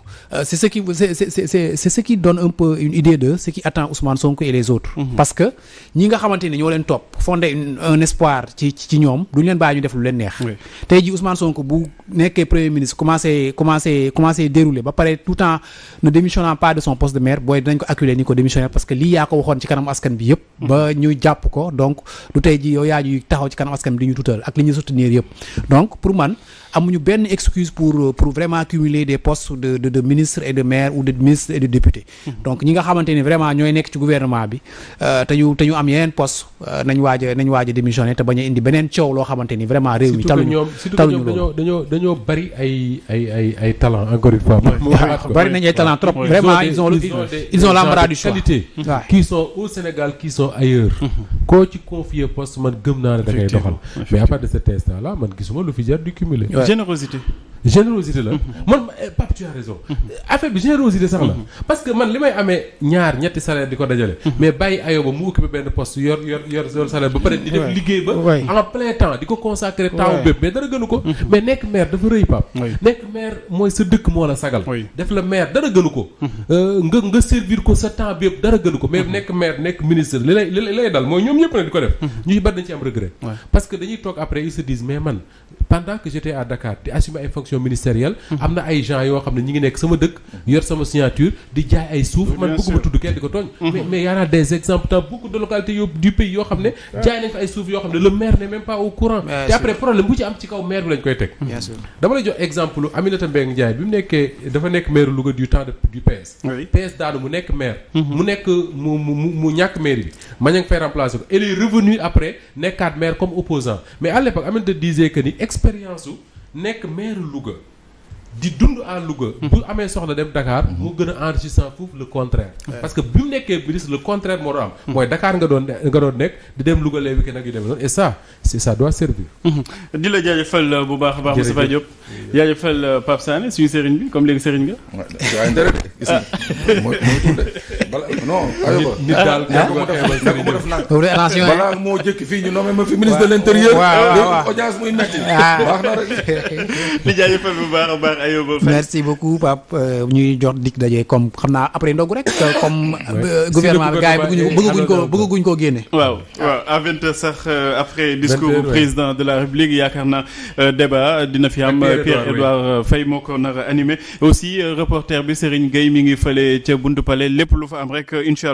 Euh, c'est ce qui c'est c'est c'est c'est ce qui donne un peu une idée de ce qui attend Ousmane Sonko et les autres. Mm -hmm. parce que ñi nga xamanteni ñoo leen top fondé un espoir ci ci ñom duñ leen bàyyi ñu def lu leen neex. tay ji Ousmane Sonko bu nekkee premier ministre commencer commencer commencer dérouler ba paré tout temps ne démissionnant pas de son poste de maire boy dañ ko acculer ni ko démissionnaire parce que li ya ko waxoon ci kanam askan bi yépp mhm. ba ñu japp ko donc du tay ji yow yaa ñuy taxaw ci kanam askan bi ñu tuutal ak li ñuy soutenir yépp donc pour man amuñu benn excuse pour euh, pour vraiment cumuler des postes de de de ministre et de maire ou de ministre et de député. Mhm. donc ñi nga xamanteni vraiment ñoy nek ci gouvernement bi euh, te ñu te ñu am yeneen poste euh, nañ waaj nañ waaj démissioner te indi benen coow lo xamanteni ni vraiment réew mi. taluñu taluñu loolu dañu dañoo bari ay ay ay ay talent encore une fois. bari nañ ay talent trop vraiment ils ont ils ont l'embarras du choix. qui sont au Sénégal qui sont ailleurs. Mhm. ko ci confier poste man gëm na da doxal. mais à part de cet instant là man gisuma lu fi jar du cumuler générosité. générosité là. man eh, Pape tu as raison affaire bi générosité sax la mm-hmm. parce que man limay amé ñaar ñetti salaire diko dajalé mm-hmm. mais bàyyi ayoo ba mu occupé benn poste yor yor yor salaire ba paré di def liggéey ba en plein temps diko consacrer temps bépp mais dara gënu ko mm-hmm. mais nek maire dafa reuy Pape nek maire moy sa dëkk mo la sagal def la maire dara gënu ko euh, nga nga servir ko sa temps bépp dara gënu ko mais nek maire nek ministre lay lay dal moy ñom ñëpp ne di def ñuy bari dañ ci am regret parce que dañuy tok après ils se disent mais man pendant que j'étais à Dakar di assumer ay fonction ministérielle am na ay gens yoo xam ne ñi ngi nekk sama dëkk yor sama signature di jaay ay suuf man bëgguma tudd kenn di ko tooñ mhm. mais mais y a des exemples dans beaucoup de localités yo du pays yoo xam ne jaay nañ fa ay suuf yoo xam ne le maire n'est même pas au courant te après problème bu ci am ci kaw maire bi lañ koy teg dama lay jox exemple Aminata Mbengue Ndiaye bi mu nekkee dafa nekk maire Louga du temps de du PS PS daanu mu nekk maire mhm. mu nekk mu mu mu ñàkk maire bi ma ña fay remplacer ko elle est revenue après nekkaat maire comme opposant mais à l'époque Aminata disait que ni expérience nekk maire Louga di dund à Louga. Mhm. bu amee soxla dem Dakar. Mhm. mu gën a enrichissant foofu le contraire. parce que bi mu nekkee ministre le contraire moo doon am. Mhm. mooy Dakar nga doon nga doon nekk di dem Louga les week-end yu demee et ça c'est ça doit servir. di la jaajëfal euh, bu baax a baax. jërëjëf Moustapha Diop jaajëfal euh, Pape Sané suñu sëriñ bi comme léegi sëriñ nga. waaw intérêt de gis nga mooy non. nit daal ah, ah, ah, balaa moo jëkk fii ñu nommé ma fi ministre de l'intérieur. waaw waaw audience muy metti baax na rek. di jaajëfal a Ayoba Faye merci beaucoup pap euh, ñuy jox dik dajé comme xamna après ndogu rek euh, comme euh, gouvernement gaay gars yi bëgguñu ko bëgguñu ko gënné waaw waaw à 20 heures sax après discours du président de la République yakarna débat dina fi am Pierre-Edouard Faye moko ko nar animé aussi reporter bi Serigne Gueye mi ngi feulé ci buntu palais lépp lu fa am rek incha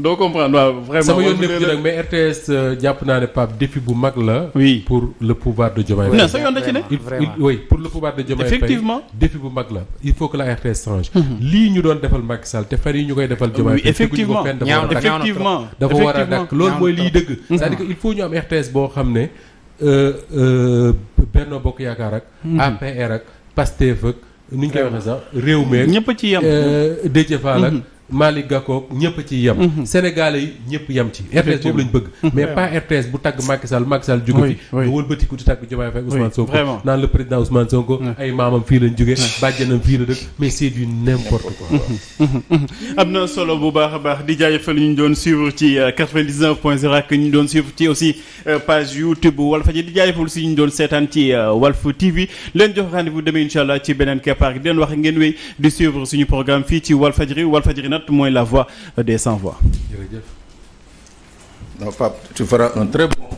doo comprendre waaw vraiment sama yoon nekk nag mais RTS euh, jàpp naa ne Pape défi bu mag la. oui pour le pouvoir de Diomaye Faye. non sa yoon da ci ne oui pour le pouvoir de Diomaye Faye effectivement défi bu mag la il faut que la RTS change. Mhm. lii ñu doon defal Macky Sall te fan yi ñu koy defal. Diomaye Faye effectivement effectivement dafa war a dakk loolu mooy liy dëgg. Mhm. c'est-à-dire que il faut ñu am RTS boo xam ne euh, euh, Benno Bokk Yaakaar ak. Mhm. APR ak Pastef ak. ni ñu koy waxee sax réew meeg. ñëpp ci yam. Déthié Fall ak. Malick Gakou ñëpp a ci yem. Mhm. Sénégalais yi ñëpp yem ci. RTS boobu lañ bëgg. Mhm. mais pas RTS bu tag Macky Sall Macky Sall jóge fi. do nga wëlbatiku di tag Diomaye Faye Ousmane Sonko. naan le président Ousmane Sonko. ay mamam fi lañ jugé bàjjenam fi la dëkk mais c'est du n'importe quoi. Mhm. amna solo bu baax baax di jaajëfal ñu doon suivre ci 99.0 euh, ak ñu doon suivre ci aussi euh, page YouTube wala fa di jaajëfal ci ñu doon seetaan ci euh, Walf TV leen jox rendez-vous demain incha ci benen keppaar gi di wax ngeen wéy di suivre suñu programme fi ci Walfadjri Walfadjri moins la voix euh, des sans voix. tu feras un très bon.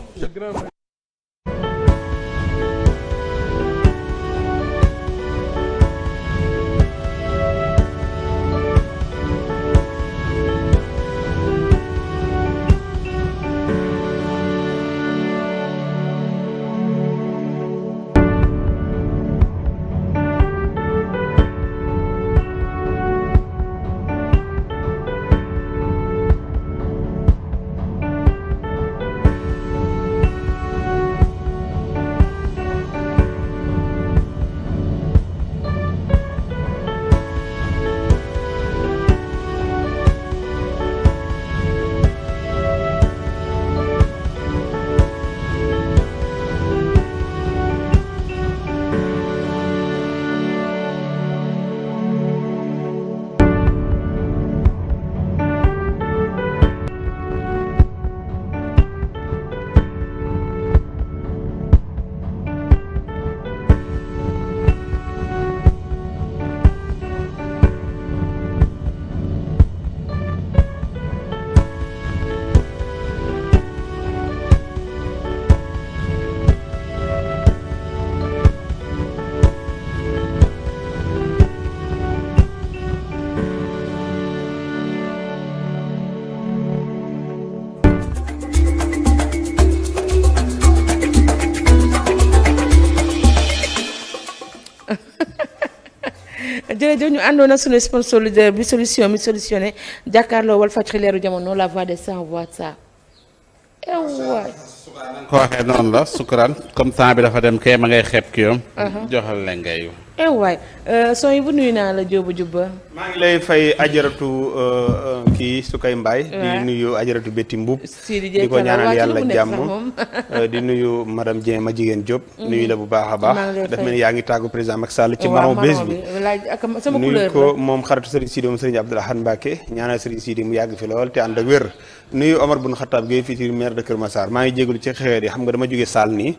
nous avons solution mi solutionné la voix des sans ça. Eh, ko waxee noonu la sukkuraan comme temps bi dafa dem kay ma ngay xeeb ki yom uh-huh. joxal la ngay eh ew euh, yi bu nuyu naa la jóobu jubba maa ngi lay fay ajaratu euh, euh, kii su koy mbaay di nuyu ajaratu bétti mbuub di ko ñaanal yàlla jàmm di nuyu madame Dieng ma jigéen Diop mm-hmm. nuyu la bu baax a baax daf mel yaa ngi tàggu président Macky Sall ci maron bés bi nuyu ko moom xaritu Serigne Sidi moom Serigne Abdoul Ahad Mbacké ñaanal Serigne Sidi mu yàgg fi lool te ànd ak wér nuyu Omar bun Xattaab Gueye fii ci maire de Kër Massar maa ngi jégalu ci xewet yi xam nga dama jóge saal nii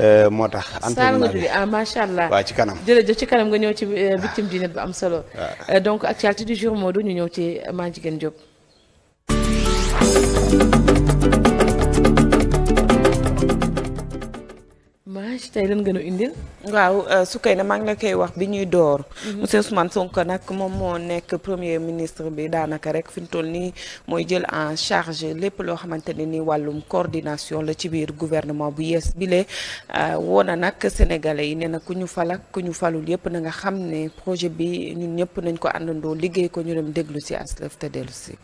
euh, moo tax. entraînement bi ah macha allah waaw ci kanam. jërëjëf ci kanam nga ñëw ci euh, ah. victime du net am solo. Ah. Euh, donc actualité du jour Modou ñu ñëw ci maa jigéen Diop. image tey lan gën indil. waaw euh, su kay maa ngi la koy wax bi ñuy door. Mhm. monsieur Ousmane Sonko nag moom moo nekk premier ministre bi daanaka rek fi mu toll nii mooy jël en charge lépp loo xamante ne ni wàllum coordination la ci biir gouvernement bu yees bile. Euh, woo na nag sénégalais yi nee na ku ñu fal ak ku ñu falul yëpp na nga xam ne projet bi ñun ñëpp nañ ko àndandoo liggéey ko ñu dem déglu si aslëf te dellu si.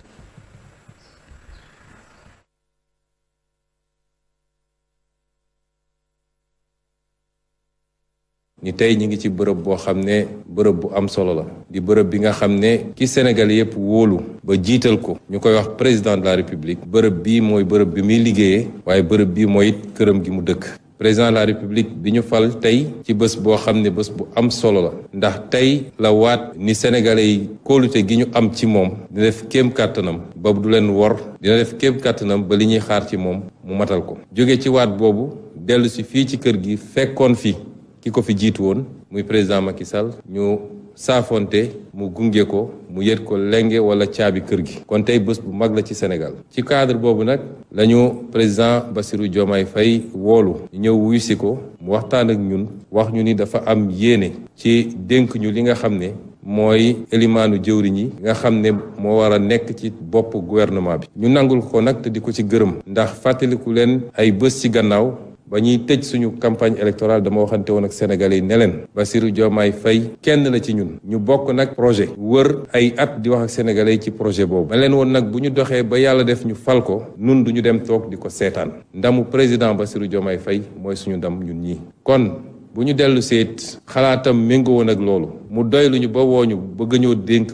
ni tay ñi ngi ci bërëb boo xam ne bërëb bu am solo la di bërëb bi nga xam ne ki Sénégal yépp wóolu ba jiital ko ñu koy wax président de la république bërëb bii mooy bërëb bi muy liggéeyee waaye bërëb bii mooy it këram gi mu dëkk président de la république bi ñu fal tey ci bés boo xam ne bés bu am solo la ndax tey la waat ni sénégalais yi kóolute gi ñu am ci moom dina def kéem kàttanam ba du leen wor dina def kéem kàttanam ba li ñuy xaar ci moom mu matal ko jóge ci waat boobu dellu si fii ci kër gi fekkoon fi ki ko fi jiitu woon muy président Macky Sall ñu saafonte mu gunge ko mu yët ko lenge wala caabi kër gi kon tey bés bu mag la ci Sénégal ci cadre boobu nag lañu ñu président Bassirou Diomaye fay woolu ñëw wuyu si ko mu waxtaan ak ñun wax ñu ni dafa am yéene ci dénk ñu li nga xam ne mooy jëw jëwriñ yi nga xam ne moo war a nekk ci bopp gouvernement bi ñu nangul ko nag te di ko ci gërëm ndax fàttaliku leen ay bés ci gannaaw ba ñuy tëj suñu campagne électorale dama waxante woon ak sénégalais yi ne leen Bassirou Diomaye Faye kenn la ci ñun ñu bokk nag projet wër ay at di wax ak sénégalais yi ci projet boobu ma leen woon nag bu ñu doxee ba yàlla def ñu fal ko nun duñu ñu dem toog di ko seetaan ndamu président Bassirou Diomaye Faye mooy suñu ndam ñun ñii kon bu ñu dellu seet xalaatam méngoo woon ak loolu mu doy luñu ba wooñu bëgg ñoo dénk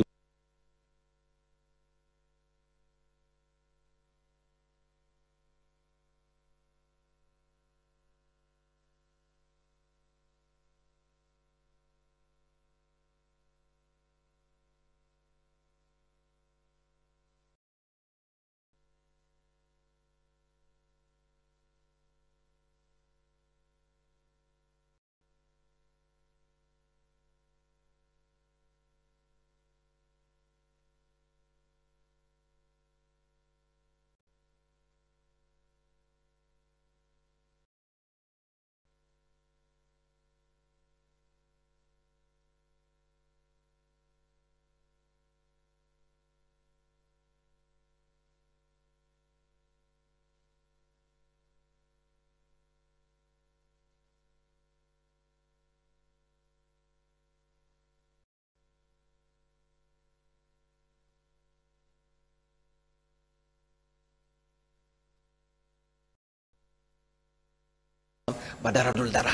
ba dara dul dara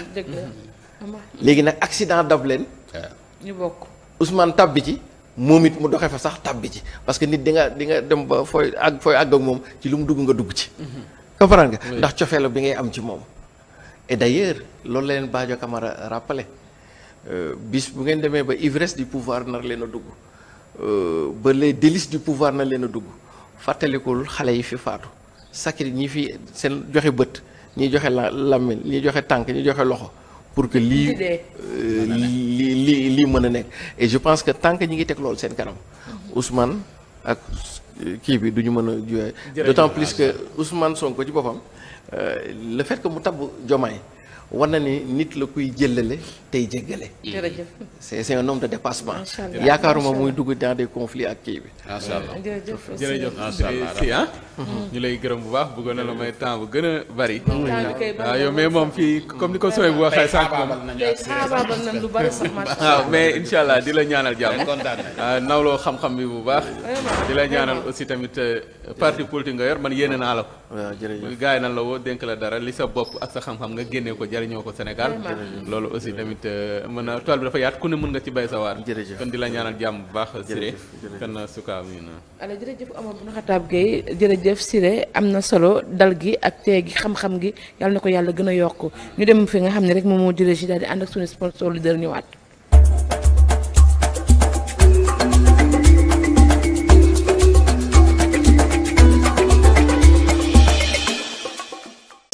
legui nak accident daf len ñu bok Ousmane tabbi ci momit mu doxé fa sax tabbi ci parce que nit di nga di nga dem ba foy ak foy ag ak mom ci lu mu dugg nga dugg ci mm-hmm. comprendre nga ndax ciofelo bi ngay am ci mom et d'ailleurs loolu leen Camara rappelé euh, bis bu ngeen démé ba ivresse du pouvoir nar leen a dugg euh, ba les délices du pouvoir nar leen a dugg fatalikul xalé yi fi faatu sakri ñi fi sen joxe beut ñuy joxe la làmmiñ ñuy joxe tank ñuy joxe loxo pour que li li li lii mën a et je pense que tant que ñi ngi tek loolu sen kanam Ousmane ak ki bi du meuna mën d'autant plus que Ousmane Sonko ci boppam euh, le fait que mu tab jomay war ni nit la kuy jëlale tay jëgalé jërëjëf c'est c'est un homme de dépassement yaakaaruma muy dugg dans des conflits ak kii bi jërëjëf ci ha ñu lay gërëm bu baax bëggoon na la may temps bu gën a bari waaw ah, yow mais mom fi comme ni ko bu waxee nañ lu bari sax waaw ah, mais inshallah allah ñaanal la ñaanal jàmm ah, nawloo xam-xam bi bu baax dila ñaanal aussi tamit euh, parti politique nga yor man yéene na la ko gaay nan la wo denk la dara li sa bop ak sa xam-xam nga génnee ko jëriñoo ko Sénégal loolu aussi tamit euh, mën a tool bi dafa yaat ku ne la ñaanal jàmm bu baax Siré kon euh, suka mi na ala jërëjëf Omar Ibn Khattab Gueye jërëjëf Siré am na solo dal gi ak tee gi xam-xam gi yàlla na ko yàlla gën a yokk ñu dem fi nga xam ne rek moom moo jëlee si daal di ànd ak suñu sponsor leader ñëwaat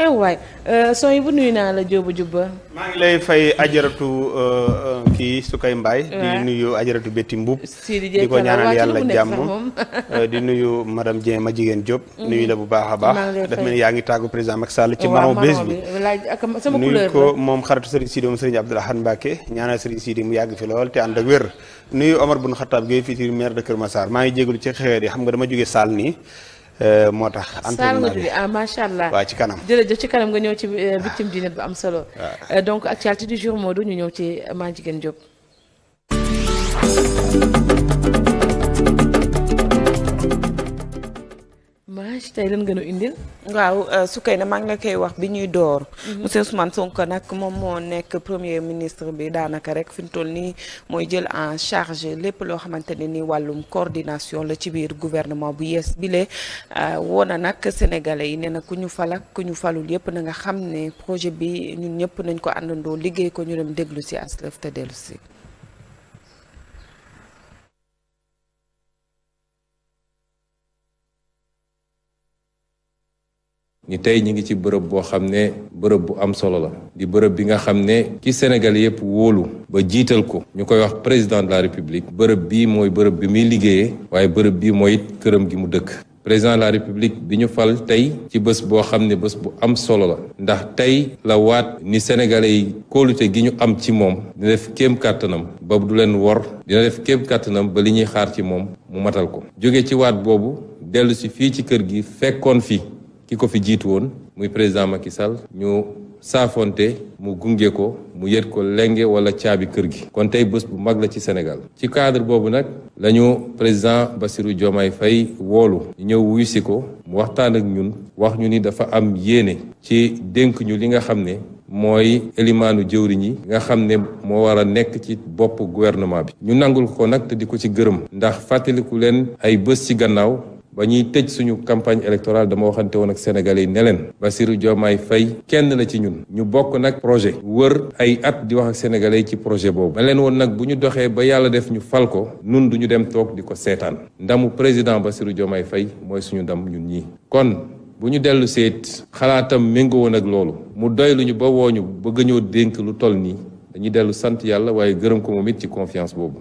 eh waay euh, son yi bu nuyu naa la Jóobu Jubba. maa ngi lay fay ajaratu euh, euh, kii su koy mbaay. di nuyu ajaratu Betty Mbuub. di ko ñaanal yàlla jàmm. di nuyu madame Dieng ma jigéen Diop. Mm-hmm. nuyu la bu baax a baax. daf mel ni yaa ngi tàggu président Macky Sall ci maron bés bi. nuyu ko moom xaritu Serigne Sidi moom Serigne Abdoul Ahad Mbacké ñaanal Serigne Sidi mu yàgg fi lool te ànd ak wér. nuyu Omar Bun Xattaab Gueye fii ci maire de Kër Massar maa ngi jégalu ci xeer yi xam nga dama jóge Sall nii. Euh, moo tax. entraînement bi ah macha allah waaw ci kanam. jërëjëf ci kanam nga ñëw ci euh, ah. victime du bu am solo. Ah. Euh, donc actualité du jour Modou ñu ñëw ci maa jigéen Diop. hommage tey lan gën a indil. waaw euh, su kay na maa ngi la koy wax bi ñuy door. Mhm. monsieur Ousmane Sonko nag moom moo nekk premier ministre bi daanaka rek fi mu toll nii mooy jël en charge lépp loo xamante ne ni wàllum coordination la ci biir gouvernement bu yees bile. Euh, woo na nag sénégalais yi nee na ku ñu fal ku ñu falul yëpp na nga xam ne projet bi ñun ñëpp nañ ko àndandoo liggéey ko ñu dem déglu si aslëf te dellu si. ñu tay ñi ngi ci bërëb boo xam ne bërëb bu am solo la di bërëb bi nga xam ne ki Sénégal yépp wóolu ba jiital ko ñu koy wax président de la république bërëb bii mooy bërëb bi muy liggéeyee waaye bërëb bii mooy it këram gi mu dëkk président de la république bi ñu fal tey ci bés boo xam ne bés bu am solo la ndax tey la waat ni sénégalais yi kóolute gi ñu am ci moom dina def kéem kàttanam ba du leen wor dina def kéem kàttanam ba li ñuy xaar ci moom mu matal ko jóge ci waat boobu dellu si fii ci kër gi fekkoon fi ki ko fi jiitu woon muy président Macky Sall ñu saafonte mu gunge ko mu yët ko lenge wala caabi kër gi kon tey bés bu mag la ci Sénégal ci cadre boobu nag lañu président basiru Diomaye fay woolu ñëw wuyu si ko mu waxtaan ak ñun wax ñu ni dafa am yéene ci dénk ñu li nga xam ne mooy élimaanu jëwriñ yi nga xam ne moo war a nekk ci bopp gouvernement bi ñu nangul ko nag te di ko ci gërëm ndax fàttaliku leen ay bés ci gannaaw ba ñuy tëj suñu campagne électorale dama waxante woon ak sénégalais yi ne leen Bassirou Diomaye Faye kenn la ci ñun ñu bokk nag projet wër ay at di wax ak sénégalais yi ci projet boobu ma leen woon nag bu ñu doxee ba yàlla def ñu fal ko nun du ñu dem toog di ko seetaan ndamu président Bassirou Diomaye Faye mooy suñu ndam ñun ñii kon bu ñu dellu seet xalaatam méngoo woon ak loolu mu doy lu ñu ba wooñu bëgg ñoo dénk lu toll nii dañuy dellu sant yàlla waaye gërëm ko moom it ci confiance boobu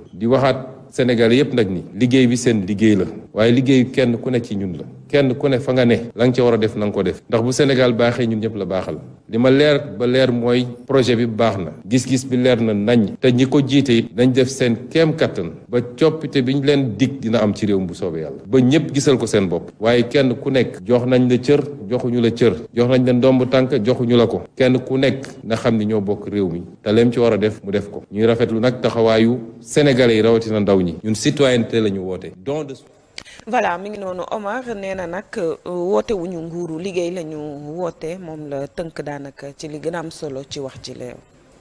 Sénégal yëpp nag ni liggéey bi seen liggéey la waaye liggéey kenn ku ne ci ñun la kenn ku ne fa nga ne la nga ca war a def na ko def ndax bu Sénégal baaxee ñun ñëpp la baaxal li ma leer ba leer mooy projet bi baax na gis-gis bi leer na nañ te ñi ko jiite it nañ def seen kéem kattan ba coppite bi ñu leen dikk dina am ci réew mi bu soobee yàlla ba ñëpp gisal ko seen bopp waaye kenn ku nekk jox nañ la cër joxuñu la cër jox nañ la ndomb tànk joxuñu la ko kenn ku nekk na xam ni ñoo bokk réew mi te leem ci war a def mu def ko ñuy rafetlu nag taxawaayu sénégalais yi rawatina ndaw ñi ñun citoyenneté la ñu voilà mi ngi noonu Omar nee na wootewuñu woote wu nguuru liggéey la woote moom la tënk daanaka ci li gën a am solo ci wax ci leew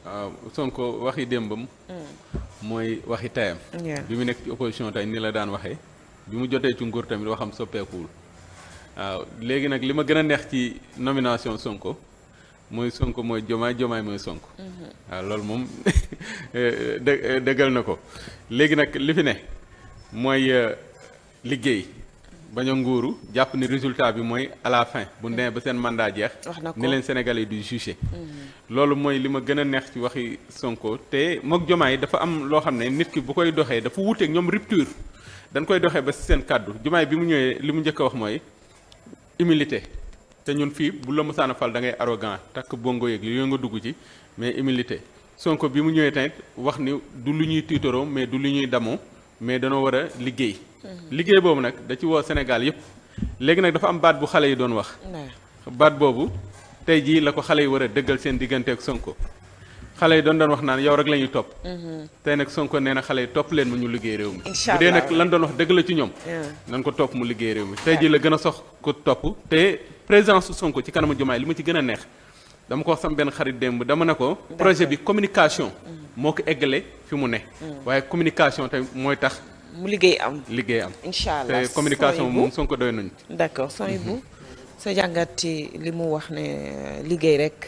waaw ah, Sonko waxi démbam. Hmm. mooy waxi tayam. bi mu nekk ci opposition tey la daan waxee. bi mu jotee ci nguur tamit waxam soppeekuwul. waaw ah, léegi nag li ma gën a neex ci nomination Sonko mooy sonk mooy Jomaay Jomaay mooy sonk waaw mm-hmm. ah, loolu moom dë dëggal na ko. léegi nag li fi ne mooy. Euh, liggéey bañ a nguuru jàpp ni résultat bi mooy à fin bu demee ba seen mandat jeex. ni leen Sénégalais du juger. Mhm. loolu mooy li ma gën a neex ci waxi Sonko te moog Jomaay dafa am loo xam ne nit ki bu koy doxee dafa wuuteeg ñoom rupture dañ koy doxee ba si seen kàddu Jomaay bi mu ñëwee li mu njëkk a wax mooy humilité te ñun fii bu la mësaan a fal da ngay arrogant takk bongo yeeg li nga dugg ci mais humilité Sonko bi mu ñëwee tamit wax ni du lu ñuy tiitaroo mais du lu ñuy damoo. mais danoo war a liggéey. liggéey boobu nag da ci woo Sénégal yëpp léegi nag dafa am baat bu xale yi doon wax. baat boobu tey jii la ko xale yi war a dëggal seen diggante ak Sonko xale yi doon doon wax naan yow rek la ñuy topp. Mm-hmm. tey nag Sonko nee na xale yi topp leen mu ñu liggéey réew mi. bu dee nag lan doon wax dëgg la ci ñoom. nan ko topp mu liggéey réew mi tey jii la gën a sox ko topp te présence Sonko ci kanamu Diomaye li ma ci gën a neex dama ko wax benn xarit démb dama ne ko. projet bi communication. Mm-hmm. moko ko fi mu né mm. waaye communication tay moy tax. mu liggéey am liggéey am. inshallah communication moom Sonko doy nañ d'accord accord sooy bu sa jangati ci wax né euh, liggéey rek.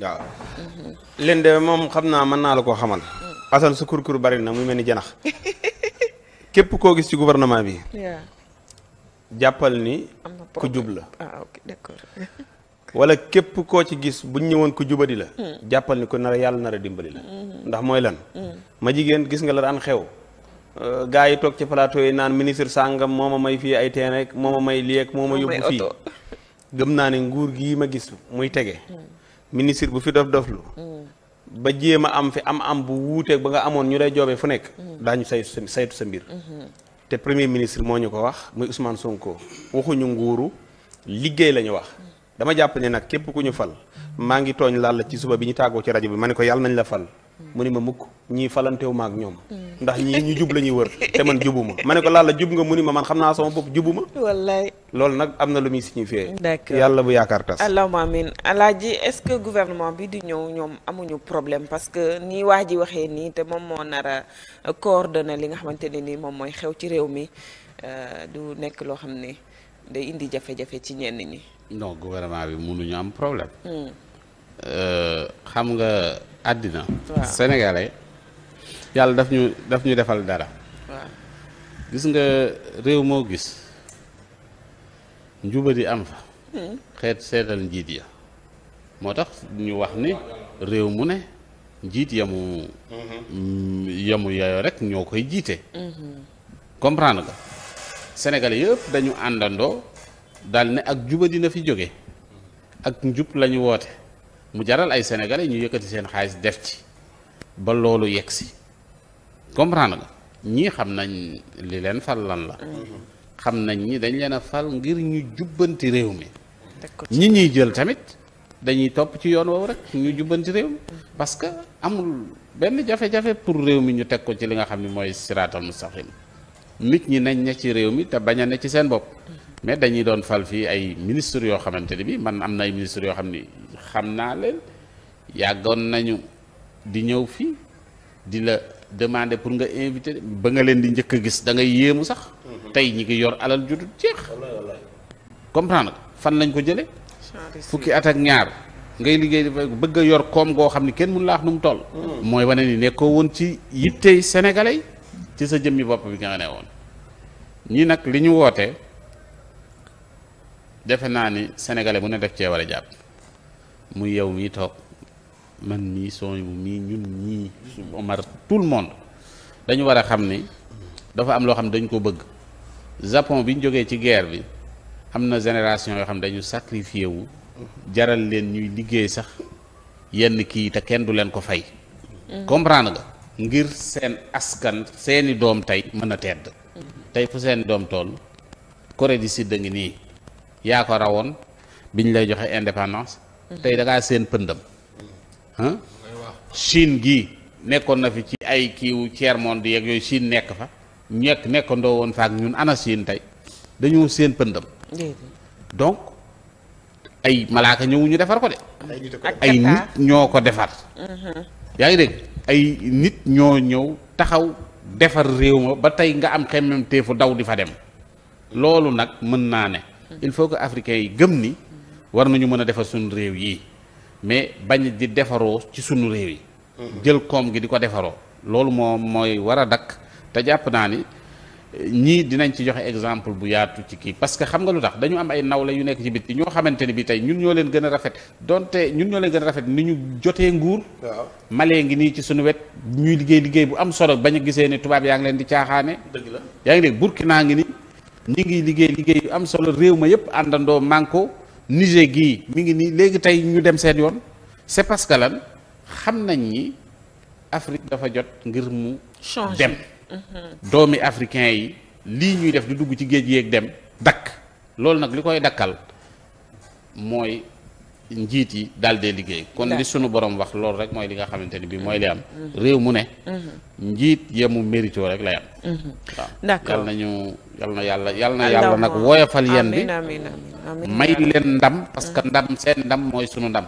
wa mm-hmm. leen de moom xam naa mën naa la koo xamal. Mm. Assane su kurkur bari na muy melni janax kep ko gis ci gouvernement bi. jappal ni ku djubla ah ok d' wala képp koo ci gis bu ñëwoon ko jubadi la. jàppal ni ko nar yàlla nar a dimbali la. ndax mooy lan. ma jigéen gis nga la daan xew. Euh, gaa yi toog ci plateau yi naan ministre sàngam moo ma may fii ay teen rek moo ma may lii ak moo ma yóbbu fii gëm naa ne nguur gi ma gis muy tege. ministre bu fi dof doflu ba jéem a am fi am am bu wuuteeg ba nga amoon ñu lay joobee fu nekk. daañu saytu sa saytu sa mbir. te premier ministre moo ñu ko wax muy Ousmane Sonko waxuñu nguuru liggéey la wax. dama jàpp ne nag képp ku ñu fal maa ngi tooñ laal la ci suba bi ñu tàggoo ci rajo bi ma ne ko yàlla nañ la fal mu ni ma mukk ñii falantewu ma ak ñoom ndax ñii ñu jub la ñuy wër te man jubuma ma ne ko laal jub nga mu ni ma man xam naa sama bopp jubuma wallaay loolu nag am na lu muy signifié d'accord yàlla bu yaakaar tas allahumma amin alaaji est-ce que gouvernement bi di ñëw ñoom amuñu problème parce que nii waa ji waxee nii te moom moo nar a coordonné li nga xamante ne nii moom mooy xew ci réew mi euh, du nekk loo xam ne day indi jafe-jafe ci ñenn ñi non gouvernement bi mënuñu am problème. Hmm. Euh, xam nga àddina. sénégalais yàlla daf ñu daf ñu defal dara. gis nga réew moo gis njubadi am fa. Hmm. xeet seetal njiit ya moo tax ñu wax ni réew mu ne njiit yamu hmm. yamu yaayoo rek ñoo koy jiite comprendre nga sénégalais yëpp dañu àndandoo dal ne ak juba dina fi joge ak njub lañu wote mu jaral ay sénégalais ñu yëkëti seen xaaliss def ci ba lolu yegg comprendre nga ñi xam nañ li leen fal lan la xam nañ ñi dañ leena fal ngir ñu jubbanti rew mi ñi ñi jël tamit dañuy top ci yoon woowu rek ñu jubbanti rew mi parce que amul benn jafe-jafe pour rew mi ñu tek ko ci li nga xam ne mooy mustaqim nit ñi nañ ne ci rew mi te baña ne ci seen bop mais dañuy doon fal fii ay ministre yoo xamante ne bi man am na ay ministre yoo xam ni xam naa leen yàggoon nañu di ñëw fii di la demande pour nga invité ba nga leen di njëkk a gis da ngay yéemu sax mhm. tey ñi ngi yor alal ju dul jeex comprendre fan lañ ko jële fukki at ak ñaar ngay liggéey di bëgg a yor koom goo xam ni kenn mënu laax nu mu toll mhm. mooy wane ni nekkoo woon ci yittey sénégalais ci sa jëmmi bopp bi nga ne woon ñi nag li ñu woote defe naa ni sénégalais bu ne def cee war a jàpp muy yow mii toog man mii sooñ mii ñun ñii su Omar tout le monde dañu war a xam ni dafa am loo xam dañ ko bëgg Japon bi ñu jógee ci guerre bi am na génération yoo xam ne dañu sacrifié wu jaral leen ñuy liggéey sax yenn kii te kenn du leen ko fay mm. comprendre ga ngir seen askan seeni doom tey mën a tedd mm. tey fu seen doom toll Corée du Sud a ngi nii yaa ko rawoon biñ lay joxe indépendance. tey da ngaa seen pëndam. Chine gi nekkoon na fi ci ay kiiwu tiers monde yeeg yooyu Chine nekk fa nekk nekkandoo woon fa ak ñun ana Chine tey dañoo seen pëndam. donc ay malaaka ñëwuñu defar ko de. ay nit ñoo ko defar. Mhm. yaa ngi dégg ay nit ñoo ñëw taxaw defar réew ma ba tey nga am xemmemteefu daw di fa dem loolu nag mën naa ne. il faut que africains yi gëm ni war nañu mën a defar suñu réew yi mais bañ di defaroo ci suñu réew yi jël koom gi di ko defaroo loolu moo mooy war a dakk te jàpp naa ni ñii dinañ ci joxe exemple bu yaatu ci kii parce que xam nga lu tax dañu am ay nawle yu nekk ci bit biti ñoo xamante ni bi tey ñun ñoo leen gën a rafet donte ñun ñoo leen gën a rafet ni ñu jotee nguur malee ngi nii ci suñu wet ñuy liggéey liggéey bu am solo bañ a gisee ne tubaab yaa ngi leen di caaxaane dëgg la yaa ngi dégg ñu ngi liggéey liggéey yu am solo réew ma yëpp àndandoo manko Niger gii mu ngi nii léegi tey ñu dem seen yoon c'est parce que lan xam nañ ni Afrique dafa jot ngir mu dem mhm. doomi africain yi lii ñuy def di dugg ci géej yeeg dem dakk loolu nag li koy dakkal mooy njiit yi daal dee liggéey kon li sunu borom wax loolu rek mooy li nga xamante ni bii mooy li am mhm. réew mu ne mhm. njiit yemu mérito rek lay am mhm. yal nañu yal na yàlla yal na yàlla nag woyofal yenn bi may leen ndam parce que ndam seen ndam mooy sunu ndam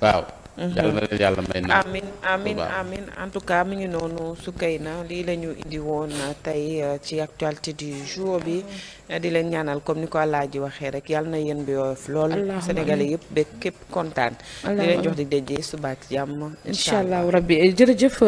waaw yàlla na leen yàlla may amin amin amin en tout cas mi ngi noonu na lii la ñu indi woon uh, tey uh, ci actualité di jour bi uh, di leen ñaanal comme ni ko ji waxee rek yàlla na yéen bi yooyof lool Sénégalais yëpp ba képp kontaan di leen jox di déjee suba ak jàmm incha allah rabbi eh, jërëjëf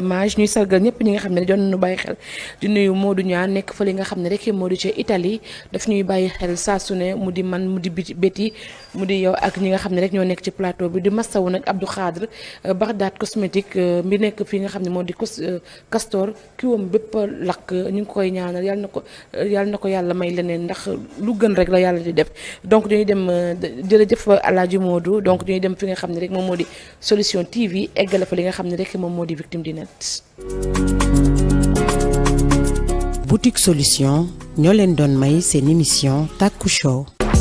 mage ñuy sargal ñëpp ñi nga xam ne doon nu bàyyi xel di moo du Niane nekk fa li nga xam ne rek Modou ca Italie daf ñuy bàyyi xel saa su ne mu di man mu di biti béti mu yow ak ñi nga xam rek ñoo nek ci plateau bi di masawu nak Abdou Khadre euh, bardat cosmétique euh, mi nek fi nga xamni modi euh, castor ki wam bepp bépp lakk ñu koy ñaanal yalla nako yalla nako yalla may leneen ndax lu gën rek la yalla di def donc dañuy dem jërëjëf Alaaji Moodu donc dañuy dem fi nga xamni rek mom modi solution TV égal fa li nga xamni rek mom modi victime di net. boutique solution ñoo leen doon may seen émission Taku